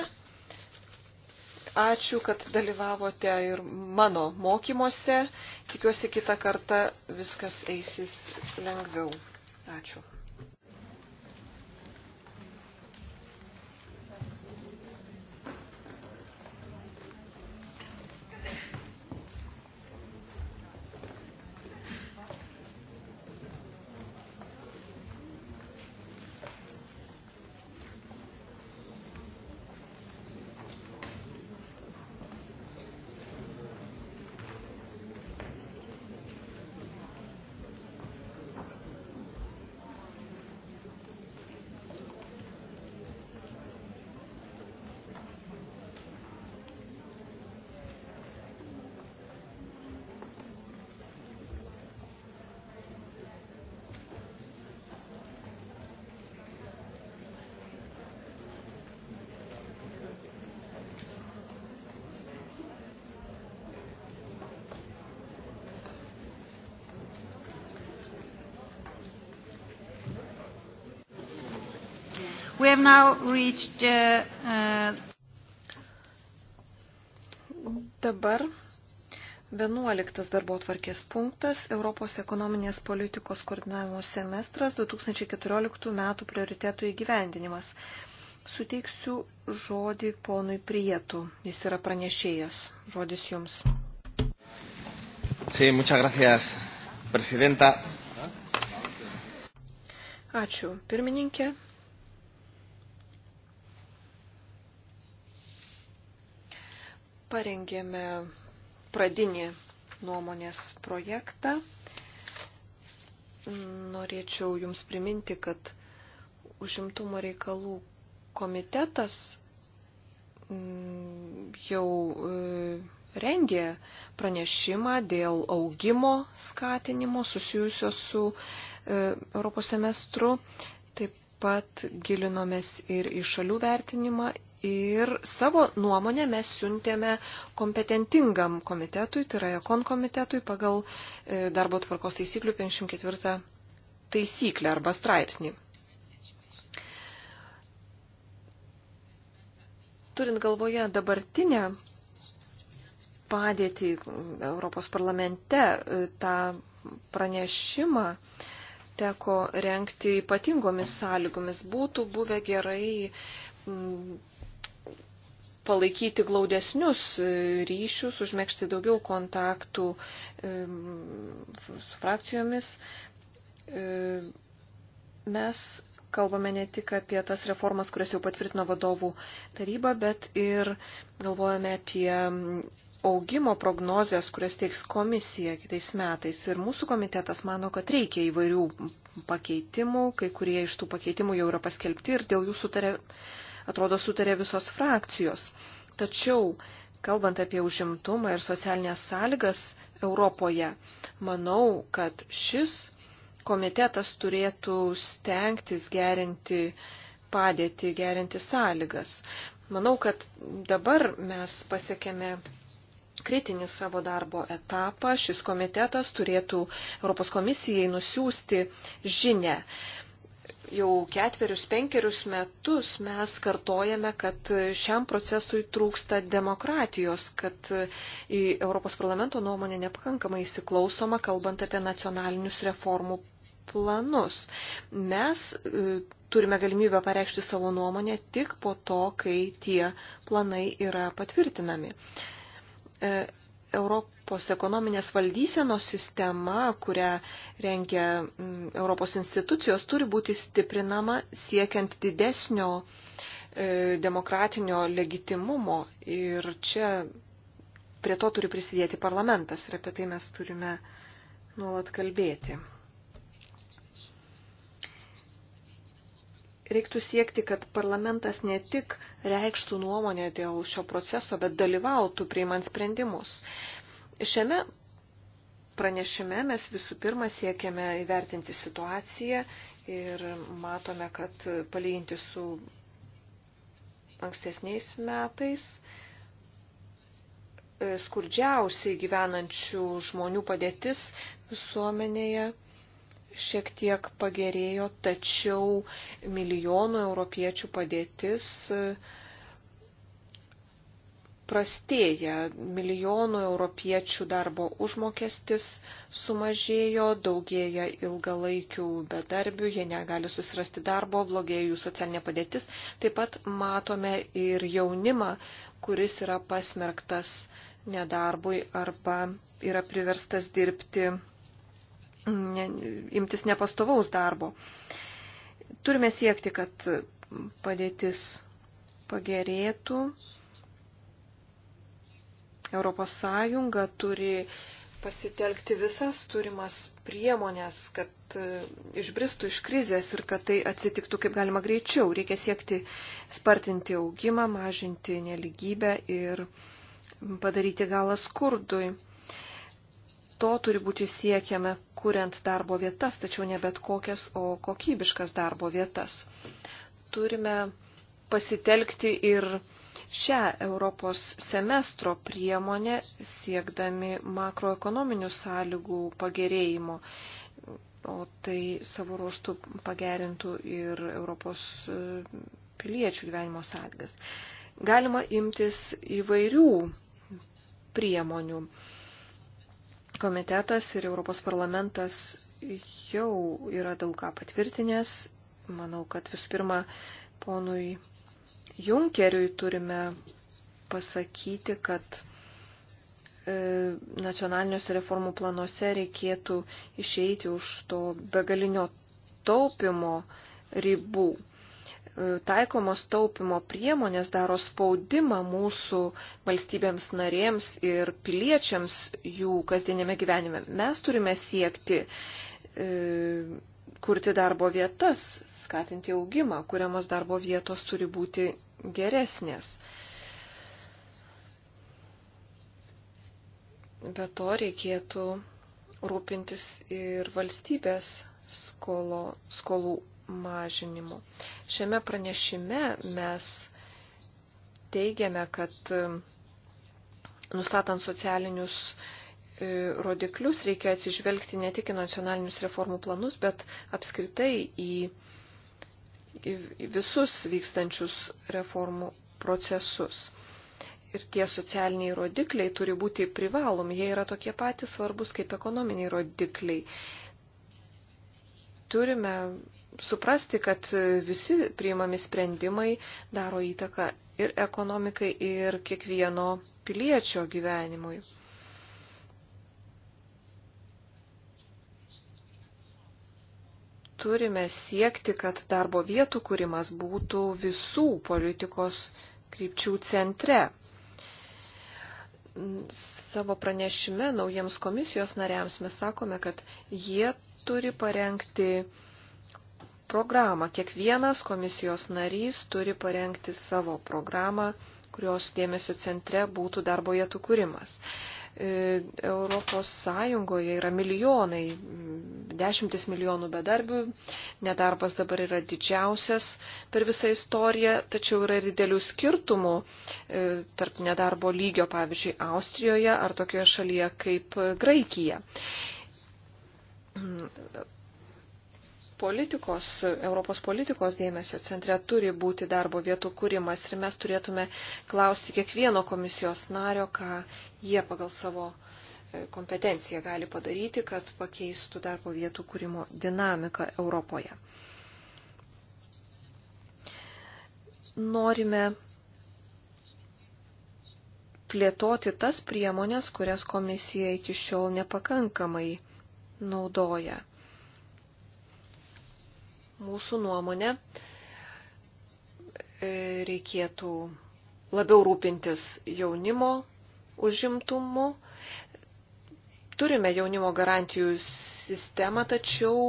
Ačiū, kad dalyvavote ir mano mokymuose. Tikiuosi kitą kartą viskas eisis lengviau. Ačiū. have now reached uh, uh, Dabar 11 darbo tvarkės punktas Europos ekonominės politikos koordinavimo semestras 2014 metų prioritetų įgyvendinimas. Suteiksiu žodį ponui Prietų. Jis yra pranešėjas. Žodis jums. Sí, muchas gracias, presidenta. Ačiū, pirmininkė. parengėme pradinį nuomonės projektą. Norėčiau Jums priminti, kad užimtumo reikalų komitetas mm, jau e, rengė pranešimą dėl augimo skatinimo susijusio su e, Europos semestru. Taip pat gilinomės ir į šalių vertinimą ir savo nuomonę mes siuntėme kompetentingam komitetui, tai yra Ekon komitetui pagal e, darbo tvarkos taisyklių 54 taisyklę arba straipsnį. Turint galvoje dabartinę padėtį Europos parlamente, e, tą pranešimą, teko renkti ypatingomis sąlygomis. Būtų buvę gerai palaikyti glaudesnius e, ryšius, užmėgšti daugiau kontaktų e, su frakcijomis. E, mes kalbame ne tik apie tas reformas, kurias jau patvirtino vadovų taryba, bet ir galvojame apie mm, augimo prognozijas, kurias teiks komisija kitais metais. Ir mūsų komitetas mano, kad reikia įvairių pakeitimų, kai kurie iš tų pakeitimų jau yra paskelbti ir dėl jų sutarė atrodo, sutarė visos frakcijos. Tačiau, kalbant apie užimtumą ir socialinės sąlygas Europoje, manau, kad šis komitetas turėtų stengtis gerinti padėti, gerinti sąlygas. Manau, kad dabar mes pasiekėme kritinį savo darbo etapą. Šis komitetas turėtų Europos komisijai nusiųsti žinę, jau ketverius, penkerius metus mes kartojame, kad šiam procesui trūksta demokratijos, kad į Europos parlamento nuomonę nepakankamai įsiklausoma, kalbant apie nacionalinius reformų planus. Mes e, turime galimybę pareikšti savo nuomonę tik po to, kai tie planai yra patvirtinami. E, Europos ekonominės valdysenos sistema, kurią rengia mm, Europos institucijos, turi būti stiprinama siekiant didesnio e, demokratinio legitimumo. Ir čia prie to turi prisidėti parlamentas ir apie tai mes turime nuolat kalbėti. reiktų siekti, kad parlamentas ne tik reikštų nuomonę dėl šio proceso, bet dalyvautų priimant sprendimus. Šiame pranešime mes visų pirma siekiame įvertinti situaciją ir matome, kad palyginti su ankstesniais metais skurdžiausiai gyvenančių žmonių padėtis visuomenėje šiek tiek pagerėjo, tačiau milijonų europiečių padėtis e, prastėja. Milijonų europiečių darbo užmokestis sumažėjo, daugėja ilgalaikių bedarbių, jie negali susirasti darbo, blogėja jų socialinė padėtis. Taip pat matome ir jaunimą, kuris yra pasmerktas nedarbui arba yra priverstas dirbti imtis nepastovaus darbo. Turime siekti, kad padėtis pagerėtų. Europos Sąjunga turi pasitelkti visas turimas priemonės, kad e, išbristų iš krizės ir kad tai atsitiktų kaip galima greičiau. Reikia siekti spartinti augimą, mažinti neligybę ir padaryti galą skurdui. To turi būti siekiama, kuriant darbo vietas, tačiau ne bet kokias, o kokybiškas darbo vietas. Turime pasitelkti ir šią Europos semestro priemonę, siekdami makroekonominių sąlygų pagerėjimo. O tai savo ruoštų pagerintų ir Europos e, piliečių gyvenimo sąlygas. Galima imtis įvairių priemonių komitetas ir Europos parlamentas jau yra daug ką patvirtinęs. Manau, kad visų pirma, ponui Junkeriui turime pasakyti, kad e, nacionaliniuose reformų planuose reikėtų išeiti už to begalinio taupimo ribų taikomos taupimo priemonės daro spaudimą mūsų valstybėms narėms ir piliečiams jų kasdienėme gyvenime. Mes turime siekti e, kurti darbo vietas, skatinti augimą, kuriamos darbo vietos turi būti geresnės. Be to reikėtų rūpintis ir valstybės skolo, skolų mažinimu. Šiame pranešime mes teigiame, kad e, nustatant socialinius e, rodiklius reikia atsižvelgti ne tik į nacionalinius reformų planus, bet apskritai į, į visus vykstančius reformų procesus. Ir tie socialiniai rodikliai turi būti privalomi, jie yra tokie patys svarbus kaip ekonominiai rodikliai. Turime suprasti, kad visi priimami sprendimai daro įtaką ir ekonomikai, ir kiekvieno piliečio gyvenimui. Turime siekti, kad darbo vietų kūrimas būtų visų politikos krypčių centre. Savo pranešime naujiems komisijos nariams mes sakome, kad jie turi parengti programą. Kiekvienas komisijos narys turi parengti savo programą, kurios dėmesio centre būtų darbo vietų kūrimas. E, Europos Sąjungoje yra milijonai, dešimtis milijonų bedarbių, nedarbas dabar yra didžiausias per visą istoriją, tačiau yra ir didelių skirtumų e, tarp nedarbo lygio, pavyzdžiui, Austrijoje ar tokioje šalyje kaip Graikija politikos, Europos politikos dėmesio centre turi būti darbo vietų kūrimas ir mes turėtume klausti kiekvieno komisijos nario, ką jie pagal savo e, kompetenciją gali padaryti, kad pakeistų darbo vietų kūrimo dinamiką Europoje. Norime plėtoti tas priemonės, kurias komisija iki šiol nepakankamai naudoja mūsų nuomonė e, reikėtų labiau rūpintis jaunimo užimtumu. Turime jaunimo garantijų sistemą, tačiau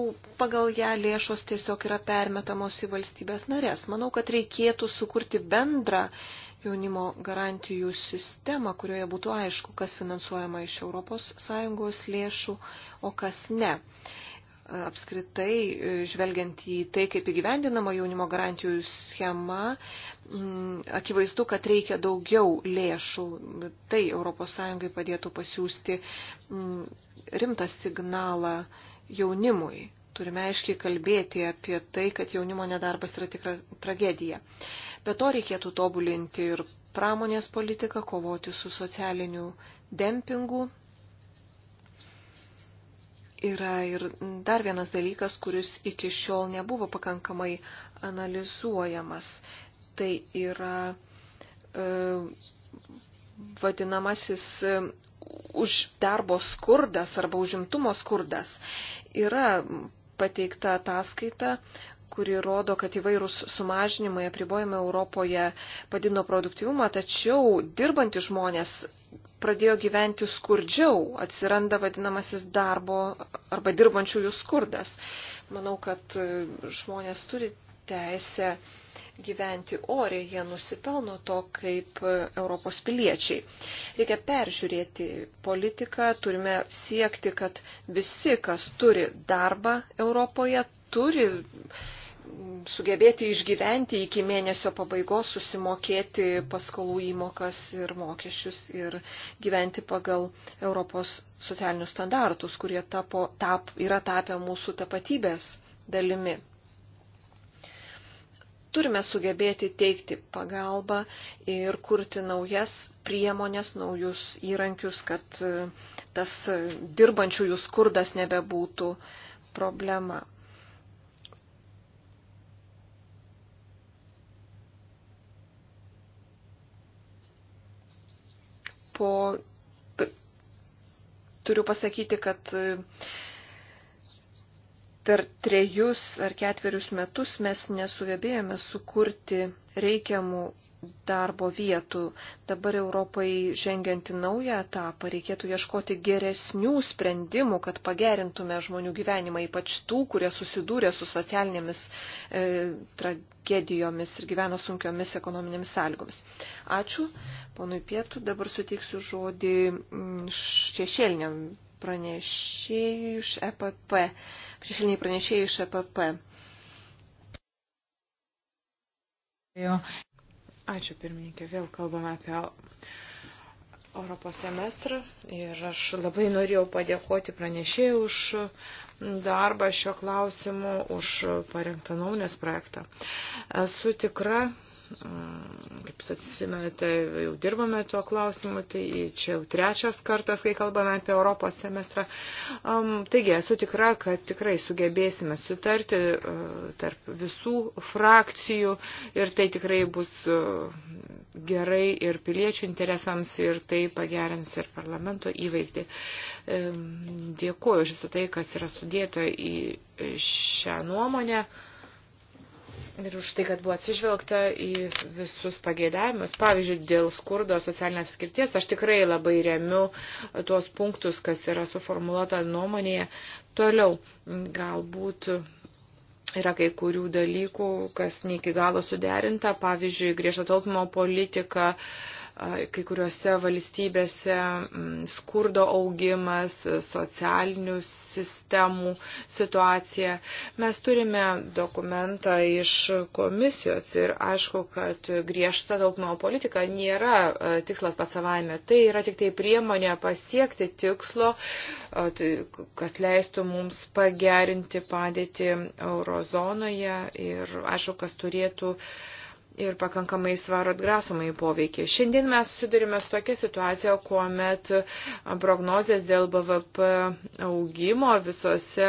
pagal ją lėšos tiesiog yra permetamos į valstybės narės. Manau, kad reikėtų sukurti bendrą jaunimo garantijų sistemą, kurioje būtų aišku, kas finansuojama iš ES lėšų, o kas ne apskritai, e, žvelgiant į tai, kaip įgyvendinama jaunimo garantijų schema, akivaizdu, kad reikia daugiau lėšų. Tai ES padėtų pasiūsti rimtą signalą jaunimui. Turime aiškiai kalbėti apie tai, kad jaunimo nedarbas yra tikra tragedija. Be to reikėtų tobulinti ir pramonės politiką, kovoti su socialiniu dempingu, Yra ir dar vienas dalykas, kuris iki šiol nebuvo pakankamai analizuojamas. Tai yra e, vadinamasis e, už darbo skurdas arba užimtumo skurdas. Yra pateikta ataskaita, kuri rodo, kad įvairūs sumažinimai apribojimai Europoje padidino produktivumą, tačiau dirbantys žmonės pradėjo gyventi skurdžiau, atsiranda vadinamasis darbo arba dirbančiųjų skurdas. Manau, kad e, žmonės turi teisę gyventi oriai, jie nusipelno to kaip e, Europos piliečiai. Reikia peržiūrėti politiką, turime siekti, kad visi, kas turi darbą Europoje, turi sugebėti išgyventi iki mėnesio pabaigos, susimokėti paskolų įmokas ir mokesčius ir gyventi pagal Europos socialinius standartus, kurie tapo, tap, yra tapę mūsų tapatybės dalimi. Turime sugebėti teikti pagalbą ir kurti naujas priemonės, naujus įrankius, kad tas dirbančiųjų skurdas nebebūtų problema. po. Turiu pasakyti, kad e, per trejus ar ketverius metus mes nesugebėjome sukurti reikiamų darbo vietų. Dabar Europai žengianti naują etapą reikėtų ieškoti geresnių sprendimų, kad pagerintume žmonių gyvenimą, ypač tų, kurie susidūrė su socialinėmis e, tragedijomis ir gyvena sunkiomis ekonominėmis sąlygomis. Ačiū, ponui Pietų, dabar suteiksiu žodį mm, šešėliniam pranešėjui iš EPP. Šešėliniai pranešėjai iš EPP. Ačiū pirmininkė, vėl kalbame apie Europos semestrą ir aš labai norėjau padėkoti pranešėjai už darbą šio klausimu, už parengtą naunės projektą. Esu tikra, Mm, kaip jūs atsimenate, jau dirbame tuo klausimu, tai čia jau trečias kartas, kai kalbame apie Europos semestrą. Um, taigi, esu tikra, kad tikrai sugebėsime sutarti uh, tarp visų frakcijų ir tai tikrai bus uh, gerai ir piliečių interesams ir tai pagerins ir parlamento įvaizdį. Um, dėkuoju už visą tai, kas yra sudėta į šią nuomonę. Uh, ir už tai, kad buvo atsižvelgta į visus pageidavimus. Pavyzdžiui, dėl skurdo socialinės skirties aš tikrai labai remiu tuos punktus, kas yra suformuoluota nuomonėje. Toliau, galbūt yra kai kurių dalykų, kas ne iki galo suderinta. Pavyzdžiui, griežto taupimo politika. Uh, kai kuriuose valstybėse skurdo augimas, socialinių sistemų situacija. Mes turime dokumentą iš komisijos ir aišku, kad griežta taupimo politika nėra tikslas pats savaime. Tai yra tik tai priemonė pasiekti tikslo, tai, kas leistų mums pagerinti padėtį eurozonoje ir aišku, kas turėtų uh, ir pakankamai svaro atgrasomai poveikį. Šiandien mes susidurime su tokia situacija, kuomet prognozės dėl BVP augimo visose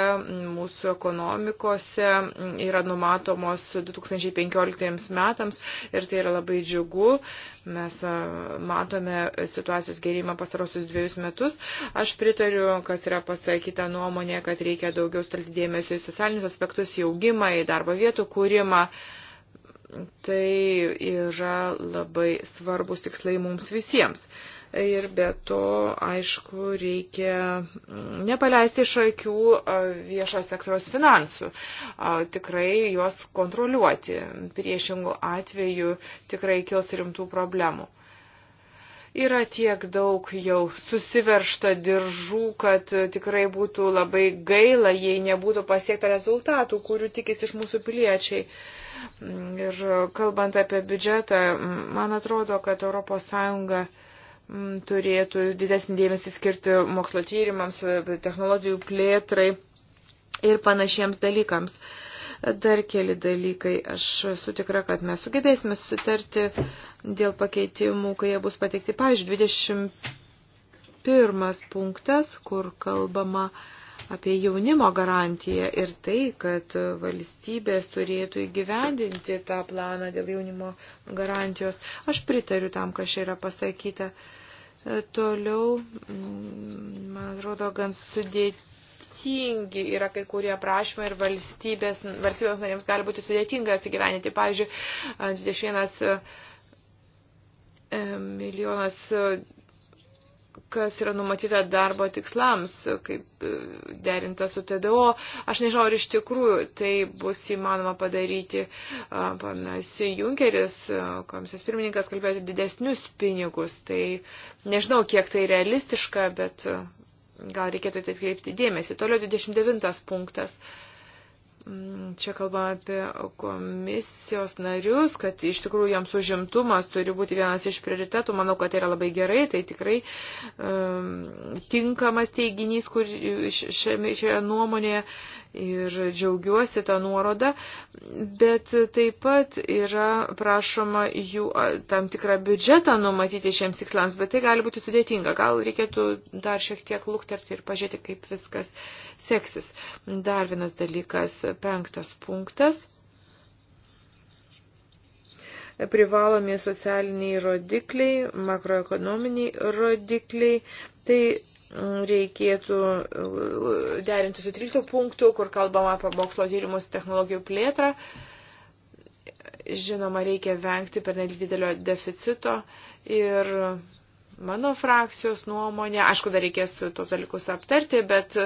mūsų ekonomikose yra numatomos 2015 metams ir tai yra labai džiugu. Mes matome situacijos gerėjimą pastarosius dviejus metus. Aš pritariu, kas yra pasakyta nuomonė, kad reikia daugiau stalti dėmesio į socialinius aspektus, į augimą, į darbo vietų kūrimą. Uh, tai yra labai svarbus tikslai mums visiems. Ir be to, aišku, reikia nepaleisti iš akių viešo sektoriaus finansų, tikrai juos kontroliuoti. Priešingų atveju tikrai kils rimtų problemų. Yra tiek daug jau susiveršta diržų, kad tikrai būtų labai gaila, jei nebūtų pasiekta rezultatų, kurių tikisi iš mūsų piliečiai. Uh, Ir kalbant apie biudžetą, man atrodo, kad ES mm, turėtų didesnį dėmesį skirti mokslo tyrimams, technologijų plėtrai ir panašiems dalykams. Dar keli dalykai. Aš esu tikra, kad mes sugebėsime sutarti dėl pakeitimų, kai jie bus pateikti. Pavyzdžiui, 21 punktas, kur kalbama uh, apie jaunimo garantiją ir tai, kad valstybės turėtų įgyvendinti tą planą dėl jaunimo garantijos. Aš pritariu tam, kas čia yra pasakyta. E, toliau, mm, man atrodo, gan sudėtingi yra kai kurie prašymai ir valstybės, valstybės narėms gali būti sudėtingas įgyveninti. Pavyzdžiui, 21 e, e, milijonas kas yra numatyta darbo tikslams, kaip e, derinta su TDO. Aš nežinau, ar iš tikrųjų tai bus įmanoma padaryti. Panas Junkeris, komisijos pirmininkas, kalbėjo didesnius pinigus. Tai nežinau, kiek tai realistiška, bet gal reikėtų tai atkreipti dėmesį. Toliau 29 punktas. Uh, Mm, čia kalbame apie komisijos narius, kad iš tikrųjų jiems užimtumas turi būti vienas iš prioritetų. Manau, kad tai yra labai gerai, tai tikrai um, tinkamas teiginys kur, šiame, šioje nuomonėje ir džiaugiuosi tą nuorodą, bet taip pat yra prašoma jų tam tikrą biudžetą numatyti šiems tikslams, bet tai gali būti sudėtinga. Gal reikėtų dar šiek tiek lūkterti ir pažiūrėti, kaip viskas uh, seksis. Dar vienas dalykas, penktas punktas. Privalomi socialiniai rodikliai, makroekonominiai rodikliai. Tai mm, reikėtų mm, derinti su 13 punktu, kur kalbama apie mokslo tyrimus technologijų plėtrą. Žinoma, reikia vengti per didelio deficito ir mano frakcijos nuomonė, aišku, dar reikės tos dalykus aptarti, bet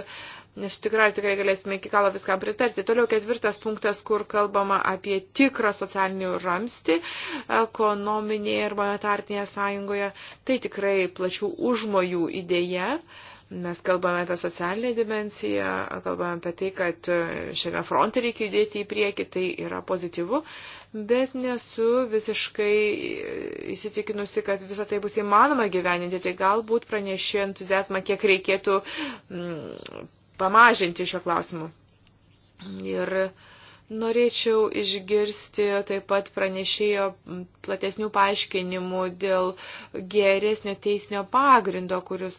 Nes tikrai tikrai galėsime iki galo viską pritarti. Toliau ketvirtas punktas, kur kalbama apie tikrą socialinį ramstį ekonominėje ir monetartinėje sąjungoje. Tai tikrai plačių užmojų idėja. Mes kalbame apie socialinę dimenciją, kalbame apie tai, kad šiame fronte reikia judėti į priekį, tai yra pozityvu, bet nesu visiškai įsitikinusi, kad visą tai bus įmanoma gyveninti. Tai galbūt pranešė entuzijazmą, kiek reikėtų mm, pamažinti šio klausimu. Ir norėčiau išgirsti taip pat pranešėjo platesnių paaiškinimų dėl geresnio teisinio pagrindo, kuris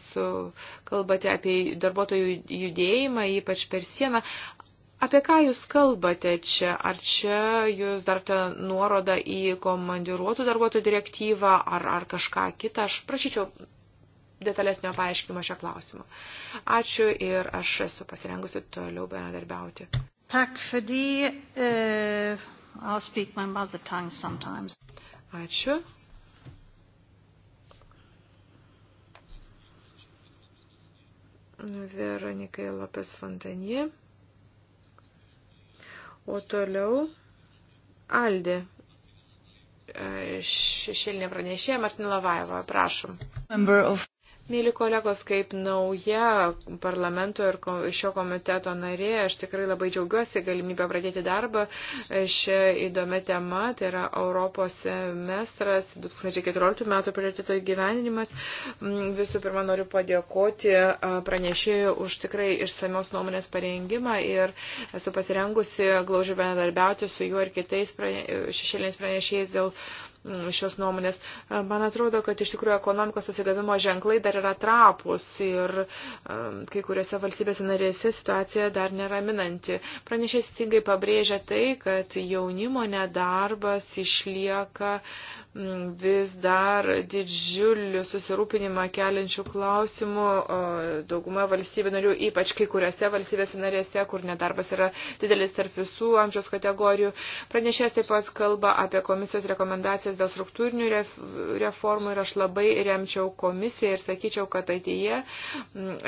kalbate apie darbuotojų judėjimą, ypač per sieną. Apie ką Jūs kalbate čia? Ar čia Jūs darote nuorodą į komandiruotų darbuotojų direktyvą ar, ar kažką kitą? Aš prašyčiau detalesnio paaiškimo šio klausimo. Ačiū ir aš esu pasirengusi toliau bendradarbiauti. Tak, fordi, uh, äh, I'll speak my mother tongue sometimes. Ačiū. Veronikai Lopes Fontanie. O toliau Aldė. E, šešėlinė pranešėja Martina Lavaeva, prašom. Of... Mėly kolegos, kaip nauja parlamento ir šio komiteto narė, aš tikrai labai džiaugiuosi galimybę pradėti darbą šią įdomią temą, tai yra Europos semestras 2014 metų prioriteto įgyveninimas. Mm, visų pirma, noriu padėkoti pranešėjui už tikrai išsamios nuomonės parengimą ir esu pasirengusi glaužiu bendarbiauti su juo ir kitais šešėliniais pranešėjais dėl Mm, šios nuomonės. E, man atrodo, kad iš tikrųjų ekonomikos atsigavimo ženklai dar yra trapus ir e, kai kuriuose valstybėse narėse situacija dar neraminanti. Pranešės teisingai pabrėžia tai, kad jaunimo nedarbas išlieka mm, vis dar didžiuliu susirūpinimą keliančių klausimų dauguma valstybių narių, ypač kai kuriuose valstybėse narėse, kur nedarbas yra didelis tarp visų amžiaus kategorijų. Pranešės taip pat kalba apie komisijos rekomendacijas diskusijas dėl struktūrinių reformų ir aš labai remčiau komisiją ir sakyčiau, kad ateityje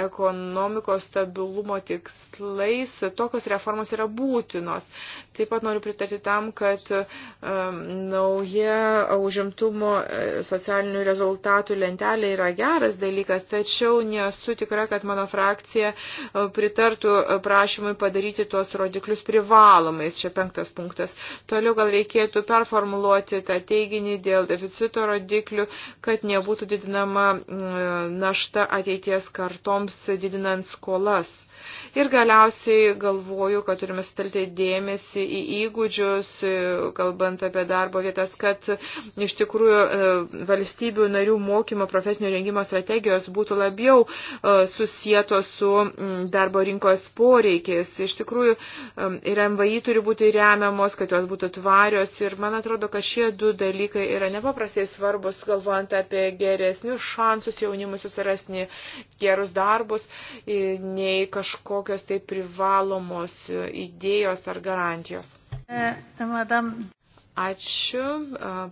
ekonomikos stabilumo tikslais tokios reformos yra būtinos. Taip pat noriu pritarti tam, kad um, nauja užimtumo e, socialinių rezultatų lentelė yra geras dalykas, tačiau nesu tikra, kad mano frakcija e, pritartų prašymui padaryti tuos rodiklius privalomais. Čia penktas punktas. Toliau gal reikėtų performuluoti tą teiginį renginį dėl deficito rodiklių, kad nebūtų didinama e, našta ateities kartoms didinant skolas. Ir galiausiai galvoju, kad turime stelti dėmesį į įgūdžius, kalbant apie darbo vietas, kad iš tikrųjų e, valstybių narių mokymo profesinio rengimo strategijos būtų labiau e, susijęto su darbo rinkos poreikiais. Iš tikrųjų, ir MVI turi būti remiamos, kad jos būtų tvarios. Ir man atrodo, kad šie du dalykai yra nepaprastai svarbus, galvojant apie geresnius šansus jaunimui susirasti gerus darbus, nei kažko kokios tai privalomos idėjos ar garantijos. E, e, madam. Ačiū,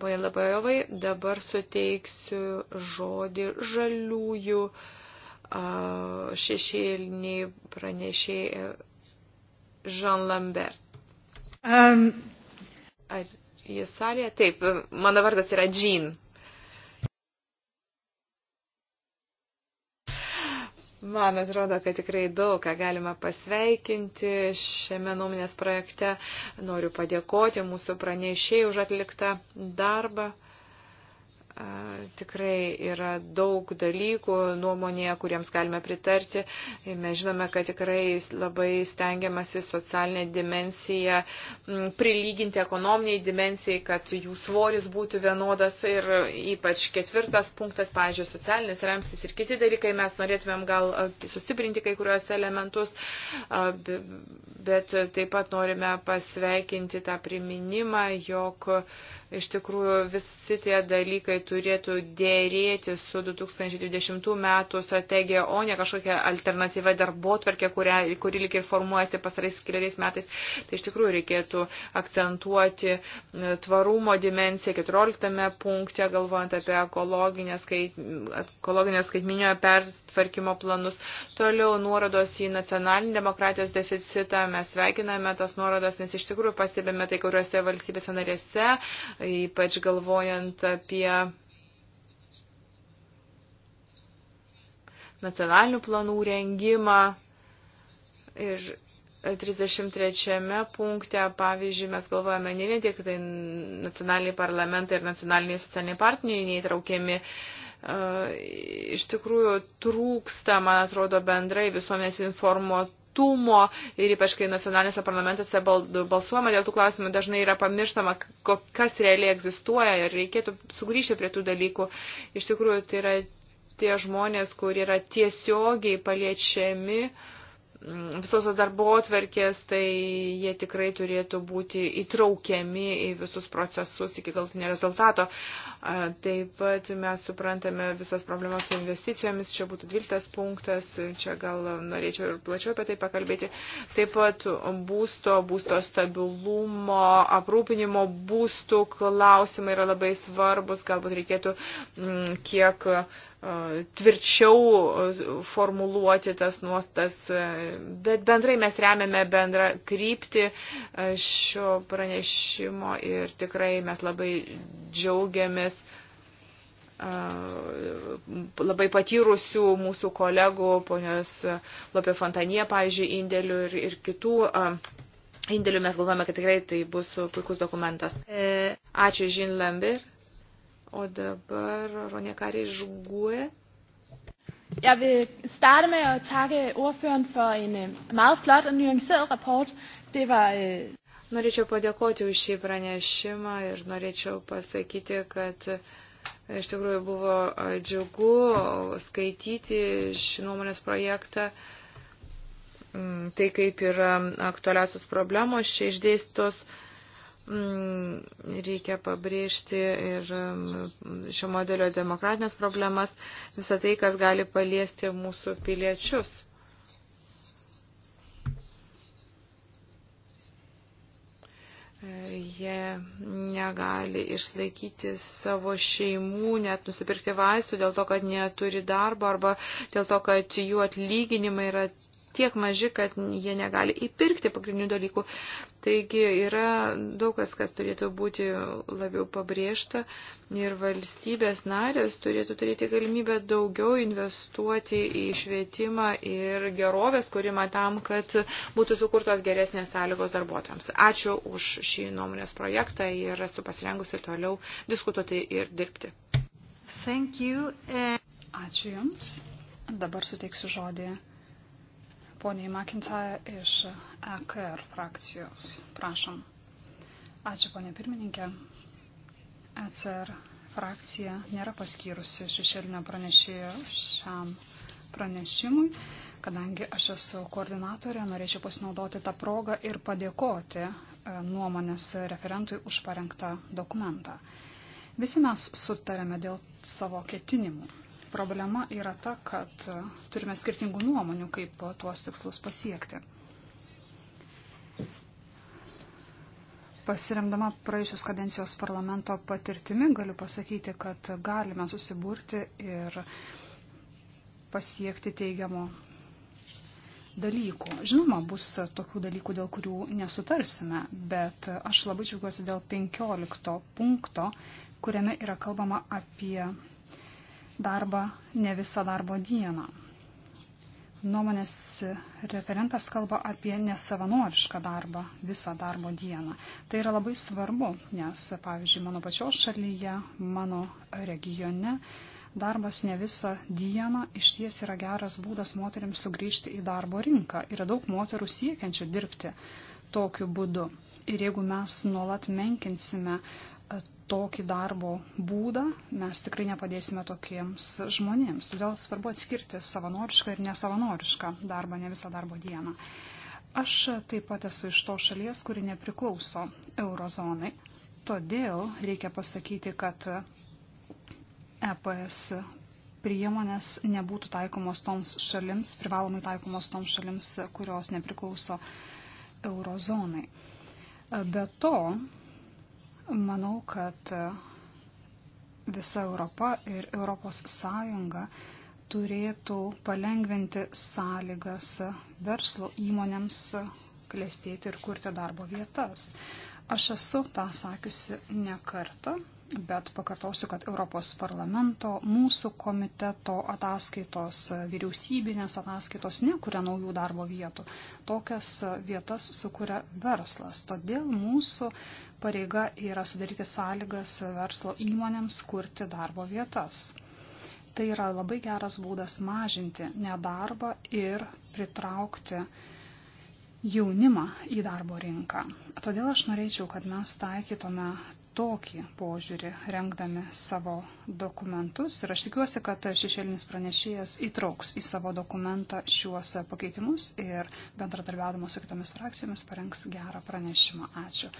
Baja e, Labajovai. Dabar suteiksiu žodį žaliųjų šešėliniai pranešėjai Jean Lambert. Um. Ar jis salėje? Taip, mano vardas yra Jean. Man atrodo, kad tikrai daug ką galima pasveikinti šiame nuomonės projekte. Noriu padėkoti mūsų pranešėjai už atliktą darbą tikrai yra daug dalykų nuomonėje, kuriems galime pritarti. Mes žinome, kad tikrai labai stengiamasi socialinę dimensiją prilyginti ekonominiai dimensijai, kad jų svoris būtų vienodas ir ypač ketvirtas punktas, pavyzdžiui, socialinis ramstis ir kiti dalykai. Mes norėtumėm gal sustiprinti kai kuriuos elementus, bet taip pat norime pasveikinti tą priminimą, jog uh, Iš tikrųjų, visi tie dalykai turėtų dėrėti su 2020 metų strategija, o ne kažkokia alternatyva darbo tvarkė, kuri, kuri lik ir formuojasi pasarais keliais metais. Tai iš tikrųjų reikėtų akcentuoti tvarumo dimenciją 14 punkte, galvojant apie ekologinę skaitminio pertvarkymo planus. Toliau nuorodos į nacionalinį demokratijos deficitą. Mes sveikiname tas nuorodas, nes iš tikrųjų pastebėme tai, kuriuose valstybėse narėse ypač galvojant apie nacionalinių planų rengimą. Ir 33 punkte, pavyzdžiui, mes galvojame ne vien tik tai nacionaliniai parlamentai ir nacionaliniai socialiniai partneriai neįtraukiami. E, iš tikrųjų trūksta, man atrodo, bendrai visuomenės informuot privatumo ir ypač kai nacionalinėse parlamentuose balsuojama dėl tų klausimų, dažnai yra pamirštama, kas realiai egzistuoja ir reikėtų sugrįžti prie tų dalykų. Iš tikrųjų, tai yra tie žmonės, kur yra tiesiogiai paliečiami uh, Mm, visos tos darbo atverkės, tai jie tikrai turėtų būti įtraukiami į visus procesus iki galtinio rezultato. Taip pat mes suprantame visas problemas su investicijomis, čia būtų 12 punktas, čia gal norėčiau ir plačiau apie tai pakalbėti. Taip pat būsto, būsto stabilumo, aprūpinimo būstų klausimai yra labai svarbus, galbūt reikėtų mm, kiek tvirčiau formuluoti tas nuostas, bet bendrai mes remiame bendrą kryptį šio pranešimo ir tikrai mes labai džiaugiamės labai patyrusių mūsų kolegų, ponios Lopė Fontanie, pavyzdžiui, indėlių ir, ir kitų indėlių mes galvojame, kad tikrai tai bus puikus dokumentas. E. Ačiū, Žin Lambert. O dabar Ronja Kari iš GUE. Jeg vil starte med at takke ordføreren for en øh, meget flot og nuanceret rapport. Det var... Øh, norėčiau padėkoti už šį pranešimą ir norėčiau pasakyti, kad e, iš tikrųjų buvo e, džiugu skaityti šį nuomonės projektą. Mm, tai kaip yra aktualiasios problemos čia išdėstos. Uh, Mm, reikia pabrėžti ir mm, šio modelio demokratinės problemas, visą tai, kas gali paliesti mūsų piliečius. Jie negali išlaikyti savo šeimų, net nusipirkti vaistų dėl to, kad neturi darbo arba dėl to, kad jų atlyginimai yra tiek maži, kad jie negali įpirkti pagrindinių dalykų. Taigi yra daug kas, kas turėtų būti labiau pabrėžta ir valstybės narės turėtų turėti galimybę daugiau investuoti į švietimą ir gerovės kūrimą tam, kad būtų sukurtos geresnės sąlygos darbuotojams. Ačiū už šį nuomonės projektą ir esu pasirengusi toliau diskutuoti ir dirbti. Thank you. Ačiū Jums. Dabar suteiksiu žodį poniai McIntyre iš EKR frakcijos. Prašom. Ačiū, ponė pirmininkė. ECR frakcija nėra paskyrusi šešėlinio pranešėjo šiam pranešimui, kadangi aš esu koordinatorė, norėčiau pasinaudoti tą progą ir padėkoti e, nuomonės referentui už parengtą dokumentą. Visi mes sutarėme dėl savo ketinimų. Problema yra ta, kad turime skirtingų nuomonių, kaip tuos tikslus pasiekti. Pasiremdama praėjusios kadencijos parlamento patirtimi galiu pasakyti, kad galime susiburti ir pasiekti teigiamo dalykų. Žinoma, bus tokių dalykų, dėl kurių nesutarsime, bet aš labai džiaugiuosi dėl 15 punkto, kuriame yra kalbama apie darbą ne visą darbo dieną. Nuomonės referentas kalba apie nesavanorišką darbą visą darbo dieną. Tai yra labai svarbu, nes, pavyzdžiui, mano pačios šalyje, mano regione, darbas ne visą dieną iš ties yra geras būdas moteriams sugrįžti į darbo rinką. Yra daug moterų siekiančių dirbti tokiu būdu. Ir jeigu mes nuolat menkinsime uh, tokį darbo būdą, mes tikrai nepadėsime tokiems žmonėms. Todėl svarbu atskirti savanorišką ir nesavanorišką darbą, ne visą darbo dieną. Aš taip pat esu iš to šalies, kuri nepriklauso eurozonai. Todėl reikia pasakyti, kad EPS priemonės nebūtų taikomos toms šalims, privalomai taikomos toms šalims, kurios nepriklauso eurozonai. Be to, Manau, kad e, visa Europa ir Europos Sąjunga turėtų palengventi sąlygas verslo įmonėms klėstėti ir kurti darbo vietas. Aš esu tą sakiusi ne kartą, bet pakartosiu, kad Europos parlamento, mūsų komiteto ataskaitos, vyriausybinės ataskaitos nekuria naujų darbo vietų. Tokias vietas sukuria verslas. Todėl mūsų pareiga yra sudaryti sąlygas verslo įmonėms kurti darbo vietas. Tai yra labai geras būdas mažinti nedarbą ir pritraukti jaunimą į darbo rinką. Todėl aš norėčiau, kad mes taikytume tokį požiūrį, rengdami savo dokumentus. Ir aš tikiuosi, kad šešėlinis pranešėjas įtrauks į savo dokumentą šiuos pakeitimus ir bendradarbiavimas su kitomis frakcijomis parengs gerą pranešimą. Ačiū.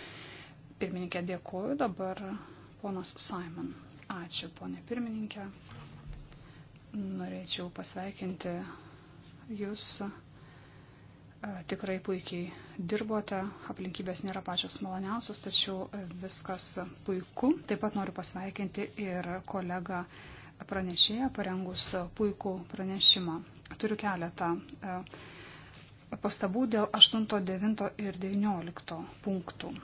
Pirmininkė, dėkuoju. Dabar ponas Simon. Ačiū, ponė pirmininkė. Norėčiau pasveikinti jūs. E, tikrai puikiai dirbote, aplinkybės nėra pačios maloniausios, tačiau e, viskas puiku. Taip pat noriu pasveikinti ir kolegą pranešėją, parengus puikų pranešimą. Turiu keletą e, pastabų dėl 8, 9 ir 19 punktų.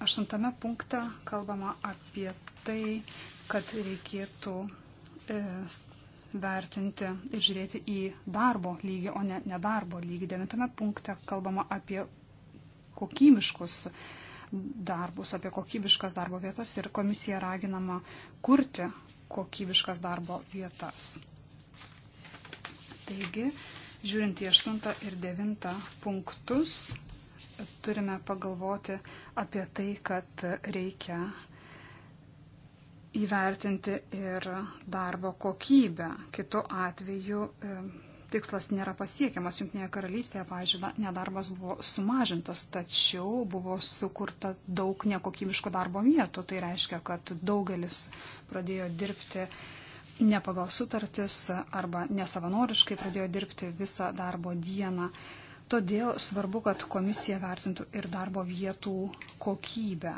Aštuntame punkte kalbama apie tai, kad reikėtų e, vertinti ir žiūrėti į darbo lygį, o ne nedarbo lygį. Devintame punkte kalbama apie kokybiškus darbus, apie kokybiškas darbo vietas ir komisija raginama kurti kokybiškas darbo vietas. Taigi, žiūrint į 8 ir 9 punktus, turime pagalvoti apie tai, kad reikia įvertinti ir darbo kokybę. Kitu atveju e, tikslas nėra pasiekiamas. Junktinėje karalystėje, pavyzdžiui, nedarbas buvo sumažintas, tačiau buvo sukurta daug nekokybiškų darbo vietų. Tai reiškia, kad daugelis pradėjo dirbti ne pagal sutartis arba nesavanoriškai pradėjo dirbti visą darbo dieną. Todėl svarbu, kad komisija vertintų ir darbo vietų kokybę.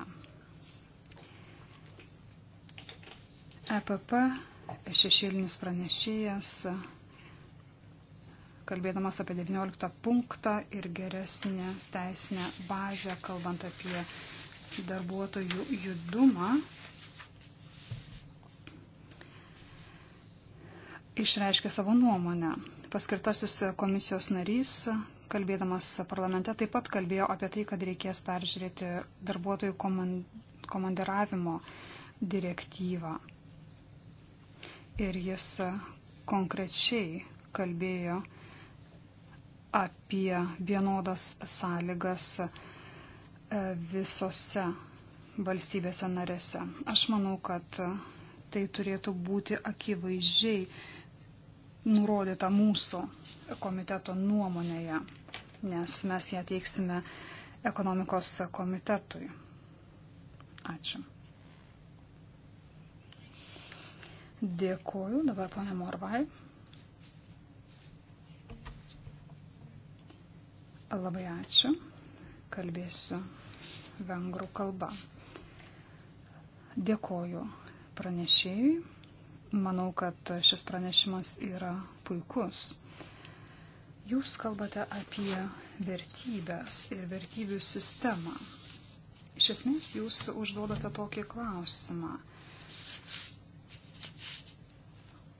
EPP šešėlinis pranešėjas, kalbėdamas apie 19 punktą ir geresnę teisinę bazę, kalbant apie darbuotojų judumą, išreiškė savo nuomonę. Paskirtasis komisijos narys kalbėdamas parlamente, taip pat kalbėjo apie tai, kad reikės peržiūrėti darbuotojų komandiravimo direktyvą. Ir jis konkrečiai kalbėjo apie vienodas sąlygas e, visose valstybėse narėse. Aš manau, kad tai turėtų būti akivaizdžiai nurodyta mūsų komiteto nuomonėje nes mes ją teiksime ekonomikos komitetui. Ačiū. Dėkuoju. Dabar ponė Morvai. Labai ačiū. Kalbėsiu vengrų kalba. Dėkoju pranešėjui. Manau, kad šis pranešimas yra puikus. Jūs kalbate apie vertybės ir vertybių sistemą. Iš esmės jūs užduodate tokį klausimą.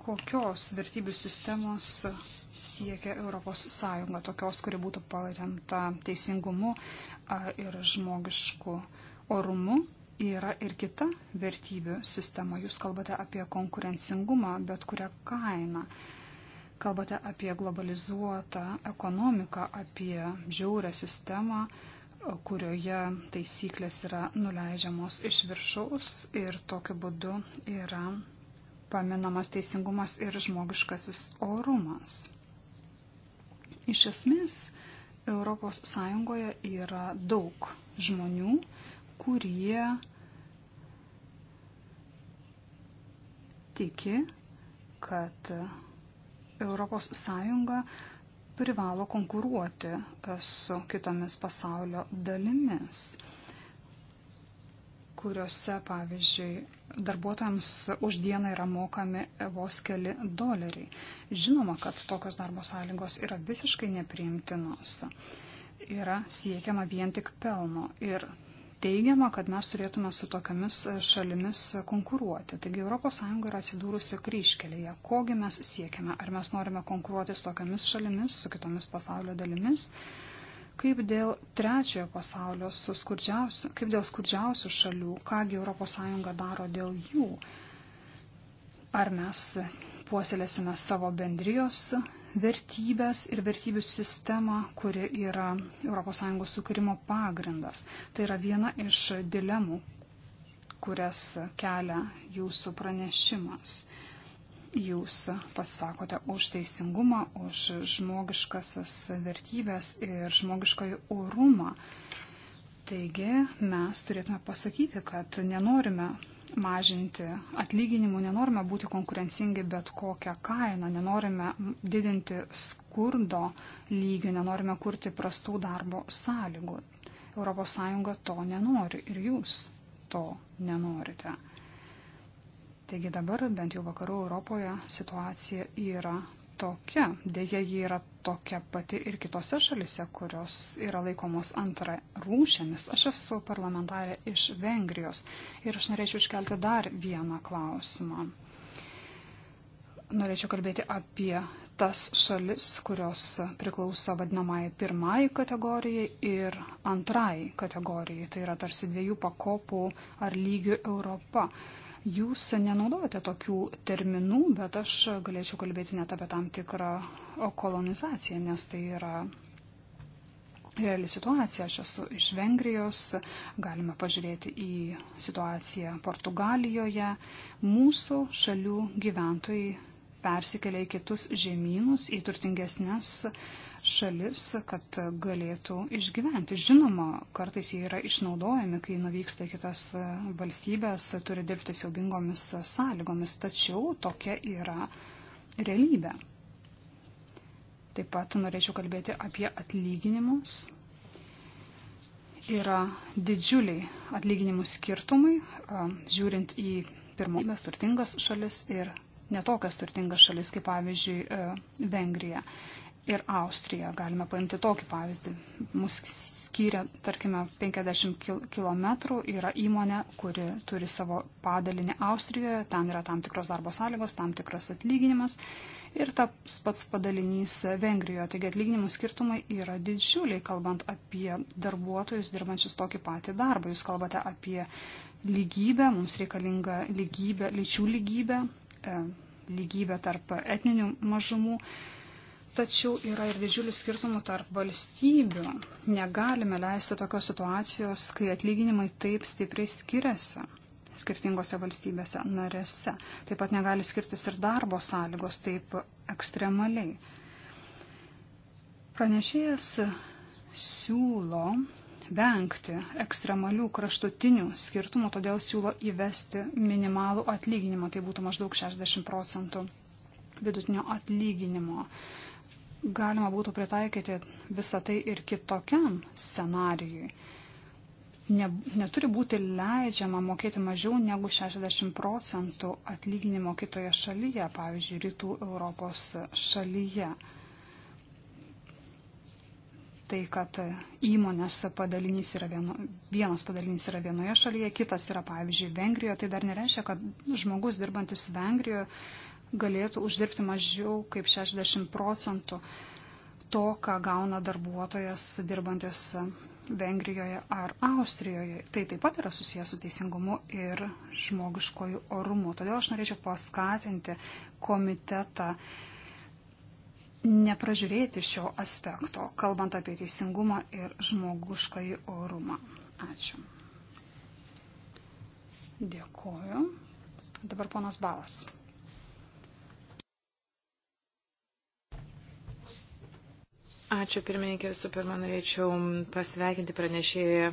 Kokios vertybių sistemos siekia ES, tokios, kuri būtų paremta teisingumu ir žmogišku orumu, yra ir kita vertybių sistema. Jūs kalbate apie konkurencingumą, bet kurią kainą. Kalbate apie globalizuotą ekonomiką, apie žiaurę sistemą, kurioje taisyklės yra nuleidžiamos iš viršaus ir tokiu būdu yra paminamas teisingumas ir žmogiškasis orumas. Iš esmės, ES yra daug žmonių, kurie tiki, kad ES privalo konkuruoti e, su kitomis pasaulio dalimis, kuriuose, pavyzdžiui, darbuotojams už dieną yra mokami vos keli doleriai. Žinoma, kad tokios darbo sąlygos yra visiškai nepriimtinos. Yra siekiama vien tik pelno ir teigiama, kad mes turėtume su tokiamis šalimis konkuruoti. Taigi ES yra atsidūrusi kryškelėje. Kogi mes siekiame? Ar mes norime konkuruoti su tokiamis šalimis, su kitomis pasaulio dalimis? Kaip dėl trečiojo pasaulio, kaip dėl skurdžiausių šalių, kągi ES daro dėl jų? Ar mes puoselėsime savo bendrijos vertybės ir vertybių sistemą, kuri yra ES sukūrimo pagrindas. Tai yra viena iš dilemų, kurias kelia jūsų pranešimas. Jūs pasisakote už teisingumą, už žmogiškasias vertybės ir žmogiškąjį orumą. Taigi mes turėtume pasakyti, kad nenorime mažinti atlyginimų, nenorime būti konkurencingi bet kokią kainą, nenorime didinti skurdo lygio, nenorime kurti prastų darbo sąlygų. ES to nenori ir jūs to nenorite. Taigi dabar bent jau vakarų Europoje situacija yra tokia. Deja, ji yra tokia pati ir kitose šalise, kurios yra laikomos antra rūšėmis. Aš esu parlamentarė iš Vengrijos ir aš norėčiau iškelti dar vieną klausimą. Norėčiau kalbėti apie tas šalis, kurios priklauso vadinamai pirmai kategorijai ir antrai kategorijai. Tai yra tarsi dviejų pakopų ar lygių Europa. Jūs nenaudojate tokių terminų, bet aš galėčiau kalbėti net apie tam tikrą kolonizaciją, nes tai yra reali situacija. Aš esu iš Vengrijos, galime pažiūrėti į situaciją Portugalijoje. Mūsų šalių gyventojai persikelia į kitus žemynus, į turtingesnės šalis, kad galėtų išgyventi. Žinoma, kartais jie yra išnaudojami, kai nuvyksta kitas valstybės, turi dirbti siaubingomis sąlygomis, tačiau tokia yra realybė. Taip pat norėčiau kalbėti apie atlyginimus. Yra didžiuliai atlyginimų skirtumai, žiūrint į pirmąjį turtingas šalis ir netokias turtingas šalis kaip pavyzdžiui Vengrija ir Austrija. Galime paimti tokį pavyzdį. Mūsų skyrė, tarkime, 50 km yra įmonė, kuri turi savo padalinį Austrijoje, ten yra tam tikros darbo sąlygos, tam tikras atlyginimas ir tas pats padalinys Vengrijoje. Taigi atlyginimų skirtumai yra didžiuliai, kalbant apie darbuotojus dirbančius tokį patį darbą. Jūs kalbate apie lygybę, mums reikalinga lygybė, lyčių lygybė, e, lygybė tarp etninių mažumų. E, Tačiau yra ir didžiulių skirtumų tarp valstybių. Negalime leisti tokios situacijos, kai atlyginimai taip stipriai skiriasi skirtingose valstybėse narėse. Taip pat negali skirtis ir darbo sąlygos taip ekstremaliai. Pranešėjas siūlo vengti ekstremalių kraštutinių skirtumų, todėl siūlo įvesti minimalų atlyginimą, tai būtų maždaug 60 procentų vidutinio atlyginimo galima būtų pritaikyti visą tai ir kitokiam scenarijui. Ne, neturi būti leidžiama mokėti mažiau negu 60 procentų atlyginimo kitoje šalyje, pavyzdžiui, rytų Europos šalyje. Tai, kad įmonės padalinys yra vieno, vienas padalinys yra vienoje šalyje, kitas yra, pavyzdžiui, Vengrijoje, tai dar nereiškia, kad žmogus dirbantis Vengrijoje galėtų uždirbti mažiau kaip 60 procentų to, ką gauna darbuotojas dirbantis Vengrijoje ar Austrijoje. Tai taip pat yra susijęs su teisingumu ir žmogiškoju orumu. Todėl aš norėčiau paskatinti komitetą nepražiūrėti šio aspekto, kalbant apie teisingumą ir žmogiškąjį orumą. Ačiū. Dėkoju. Dabar ponas Balas. Ačiū pirmininkė, visų pirma norėčiau pasveikinti pranešėją